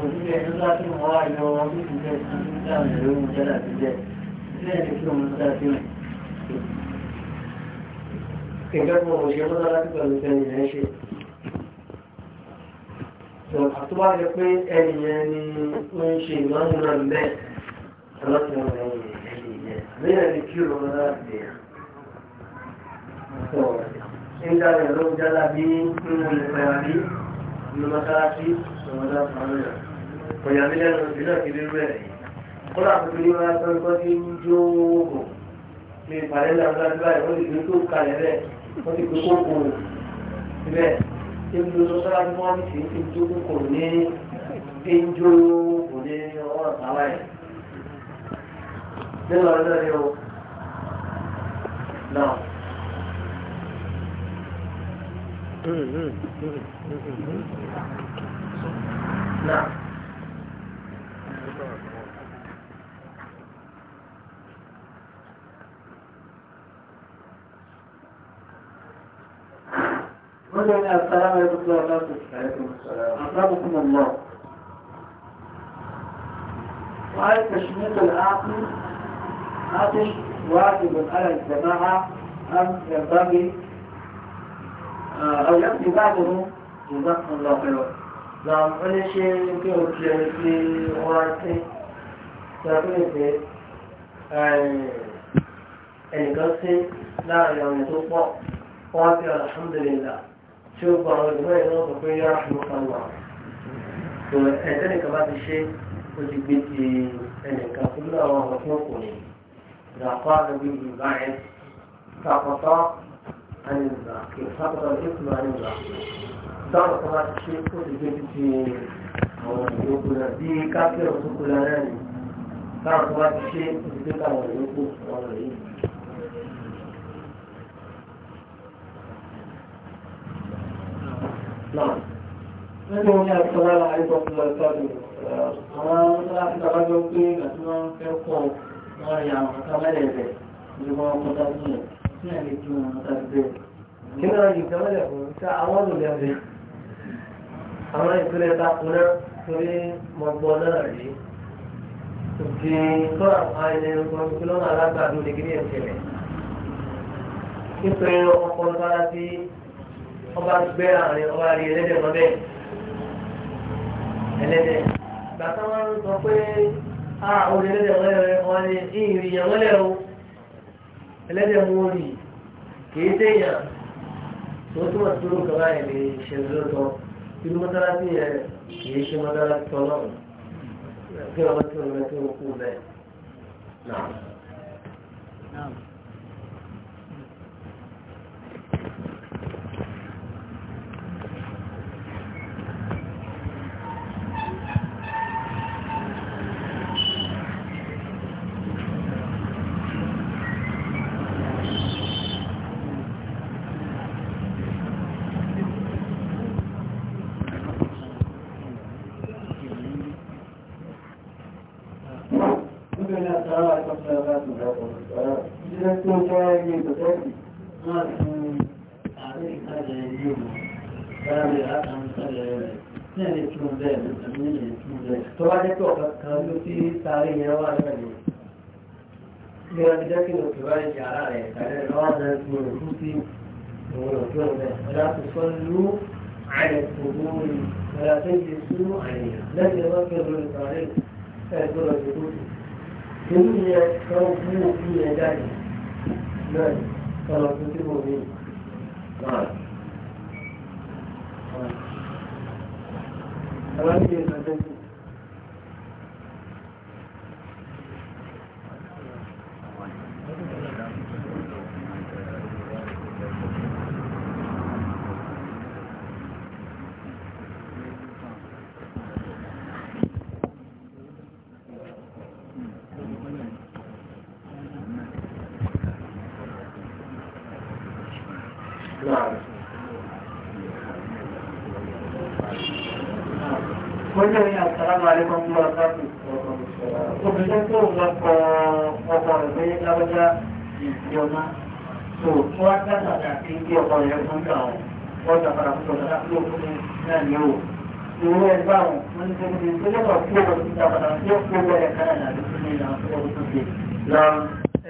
Speaker 1: òbílẹ̀ tó bá ti jẹ́ ilé ẹ̀jẹ̀ kí ọmọ jẹ pé ẹni yẹn ni ó ń ṣe ìmọ̀ọ́nù náà mẹ́ ọlọ́sìn ọmọ ẹ̀yìn ẹ̀yìn yẹn. àbí kí ọmọ náà ti yà. ń dára ló ń jálá bí ń mú ìpẹ́ àbí nínú mọ́sálásí ọmọdé àpamọ́ náà kò yà mí lẹ́nu ìlú náà kiri rẹ̀ kódà tó ní wọn sọ pé kí n jó oògùn ní ìpàdé náà ń gbàdúrà yìí wọ́n ti gbé tó kalẹ̀ rẹ̀ wọ́n ti gbé kókò rẹ̀ ṣé bí o sọ́ra bí wọ́n ti fi jó kókò ní kí n jó oògùn ní ọwọ́ àtàwà yìí. nínú ọ̀rọ̀ ni o náà. نعم السلام عليكم ورحمة الله وبركاته. وعليكم السلام. أكرمكم الله. وعلى تشميت العاقل عاطش واجب على الجماعة أم ينبغي أو يأتي بعده جزاكم الله خيرا نعم أنا شيء يمكن أن في وقتي تقول لي ẹnìkan sí láàrin ọ̀nà tó pọ̀ wọ́n ti alhamdulillah tí ó gba àwọn ìgbìmọ̀ ìlú ọ̀pọ̀ pé yára fún ọ̀pọ̀ tó ẹ̀tẹ́nìkan bá ti ṣe ó ti gbé ti ẹnìkan fún àwọn ọ̀pọ̀ tó kò ní ìdàpá àgbègbè عن الباقي حفظ الاسم عن الباقي dáwọn kan máa ṣe kó ti gbé títí àwọn ìyókù náà bí káfíà òkúkú lára ni táwọn kan máa ti ṣe kó ti gbé káwọn ìyókù àwọn yìí. náà nínú ní àtúnlára àríkọ̀kúnlọ ìtọ́jú àwọn mọ́sálásí tàbájọ́ pé ìgbà tí wọ́n fẹ́ kọ́ kí àwọn ìpínlẹ̀ takun náà torí mọ̀gbọ́n náà rí òkè tó àìlẹ̀ ọgbọ̀n tó lọ́nà alágbàdo lè gbé ẹ̀ṣẹ̀lẹ̀ nítorí ọkọ̀ lọ́la tí ọba gbé àárín ọba rí ẹlẹ́dẹ̀ mọ́ bẹ́ẹ̀ ẹlẹ́dẹ̀ gbàtà wọn sọ pé a ah, olè ẹlẹ́dẹ̀ mọ́lẹ̀ rẹ̀ wọn ni ìrìn ìyàwó lẹ́rọ̀ ẹlẹ́dẹ̀ mú rí kìí téèyàn tó túmọ̀ tó ló kaba yẹn lè ṣe lóòótọ́ irú mọ́tàlásí yẹn kìí ṣe mọ́tàlásí tọ́lọ́run kí ọmọ tí wọn lọ sí òkú bẹ́ẹ̀ náà. تصلوا على القبور ولا تجلسوا عليها لا تذكروا الطريق فاذكروا الجلوس ثم توفوا في يداني نعم كما كتبوا به نعم Thank you. Wọ́n ní àtàlámà àríkọ́kúrò àtàkù obìnrin tó lọ kọ ọkọ rẹ̀ pé lábọ́já ìjọba tó tó wá dàgbà àti kí ọkọ rẹ̀ fún ìgbà wọn. Wọ́n dàgbà àti ọ̀dà láti òkú ní náà ní o. Ìwé ẹgbẹ́ àwọn wọ́n ní tẹ́lẹ̀ tó lọ́kọ̀ kí ọkọ̀ tó dàgbà àti ọkọ̀ bẹ̀rẹ̀ káyà náà ló ní ìlànà tó Lọ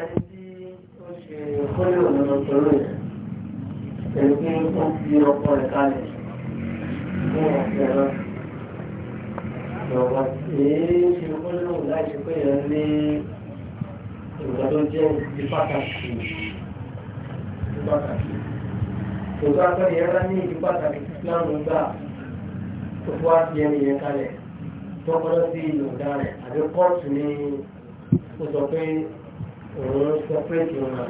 Speaker 1: ẹni tí ó ṣe kọ́lé òun lọ sọ̀rọ̀ yẹn ẹni pé ó fi ọkọ rẹ̀ kalẹ̀ fún ọ̀sẹ̀ náà ìjọba èyí ṣe kọ́ lóhùn láì ṣe pé èèyàn ní ìgbà tó jẹ́ ti pàtàkì ti pàtàkì òtún akẹ́kọ̀ọ́ yẹn bá ní ìdí pàtàkì láwọn gbà tó fún wa fi ẹni yẹn kalẹ̀ tọ́kọ́lọ́ sí ìlòdà rẹ̀ àbí kóòtù ni ó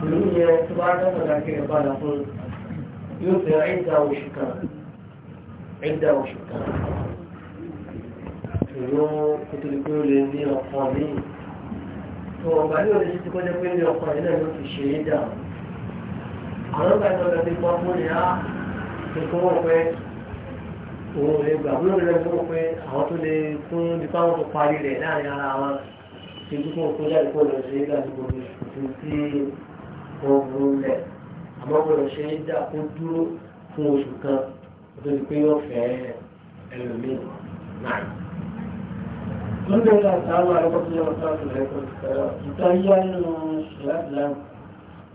Speaker 1: pẹ̀lú yẹ tó bá dábàdà kí ẹ padà fún yóò fẹ́ ẹ̀dà oṣù kan ẹ̀dà oṣù kan pẹ̀lú kòtòlù pé ó lè ní ọkọ̀ mi tó ọ̀gbà ní òde títí kọjá pé ní ọkọ̀ yìí náà ló fi ṣe é dà àwọn ọgbà ìtọ́jà ti pọ́ fún ni á ìkówó pé òun lè gbà bí òun lè gbọ́ pé àwọn tó lè fún nípa tó parí rẹ̀ láàrin ara wọn ṣe dúpọ̀ kó jáde kó lọ sí ìdájọ́ gbogbo ìṣòfin tí wọn mú lẹ̀ àmọ́ gbọ́dọ̀ ṣe é dá kó dúró fún oṣù kan tó ti pé yóò fẹ́ ẹlòmíì náà. Tunda ya samu a rikon jiya masu wasu da rikon tsara, ita yi yanin shirar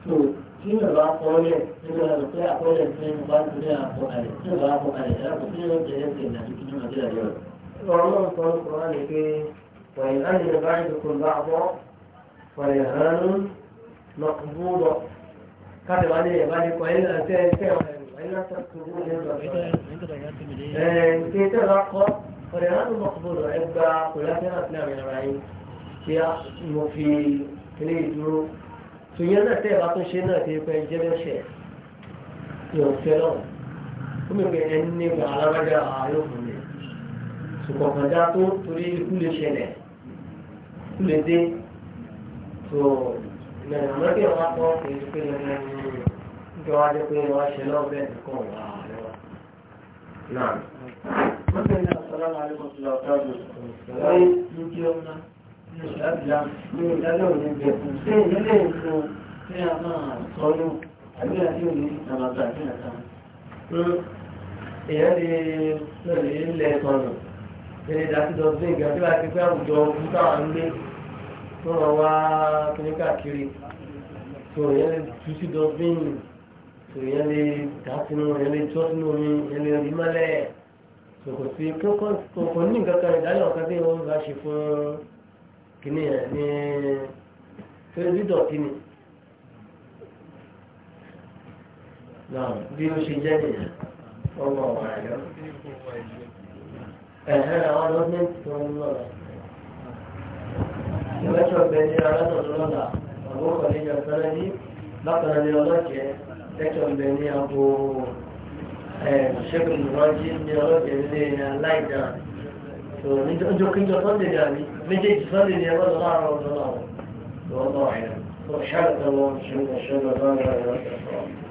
Speaker 1: to, shi ne ba kone, shi ne da kai a kone su ne ba su ne a kone, shi ne ba kone, ya ku shi ne da ya ke na cikin jima jira yau. Wannan kwan kuma ne ke, wani an yi da bayan da kun ba a ko, wani hannun مقبولة كاتب عليه مالك وإن أتيت وإن تكتبون في تلقى قرآن مقبولة إبقى قلاتنا أسلام الرعين في في كليدرو سيانا تيغاتون شينا تيغاتون جبل شيخ يوصلون ثم يقول على رجاء عيوبهم ṣùgbọ́n kan já tó torí ikú lè ṣẹlẹ̀ kú lè dé tó lẹ́yìn àmọ́ kí wọ́n kọ́ kí n pé lẹ́yìn ìjọ wa jẹ́ pé wọ́n ṣe lọ́wọ́ bẹ́ẹ̀ kọ́ wà lọ́wọ́. náà wọ́n tẹ̀lé àṣọlá àríwọ̀ tó lọ sọ́dọ̀ lórí lójú ọ̀nà ní ìṣàbíyá ní ìdálẹ́ òní bẹ̀ kù sí ìdílé ìfò ìgbà tí wàá ti pẹ́ àwùjọ òkúta àwọn ilé tó wọ́n wá kíní káàkiri tó yẹn lè tú sí dọ́fíìnì tó yẹn lè dá sínú yẹn lè jọ́ sínú omi yẹn lè rí mọ́lẹ̀ tó kò sí kókó ní nǹkan kan ìdájọ́ kan tí wọ́n bá ṣe fún kíní yẹn ní tó yẹ ni. náà bí ó ṣe jẹ́ nìyẹn ọmọ ọ̀rọ̀ àyọ́ ẹ̀hẹ́ àwọn ọlọ́mẹ́ntì tó ń lọ́rọ̀. يمشوا بين رأس الرنا أبو خليج السندي بقنا لله تكتب بين أبو شكل الراجل لله بين لايدا فنجو كنت صلي يعني نجي تصلي لي الله عز وجل والله أعلم سبحانك اللهم وبحمدك أشهد أن لا إله إلا أنت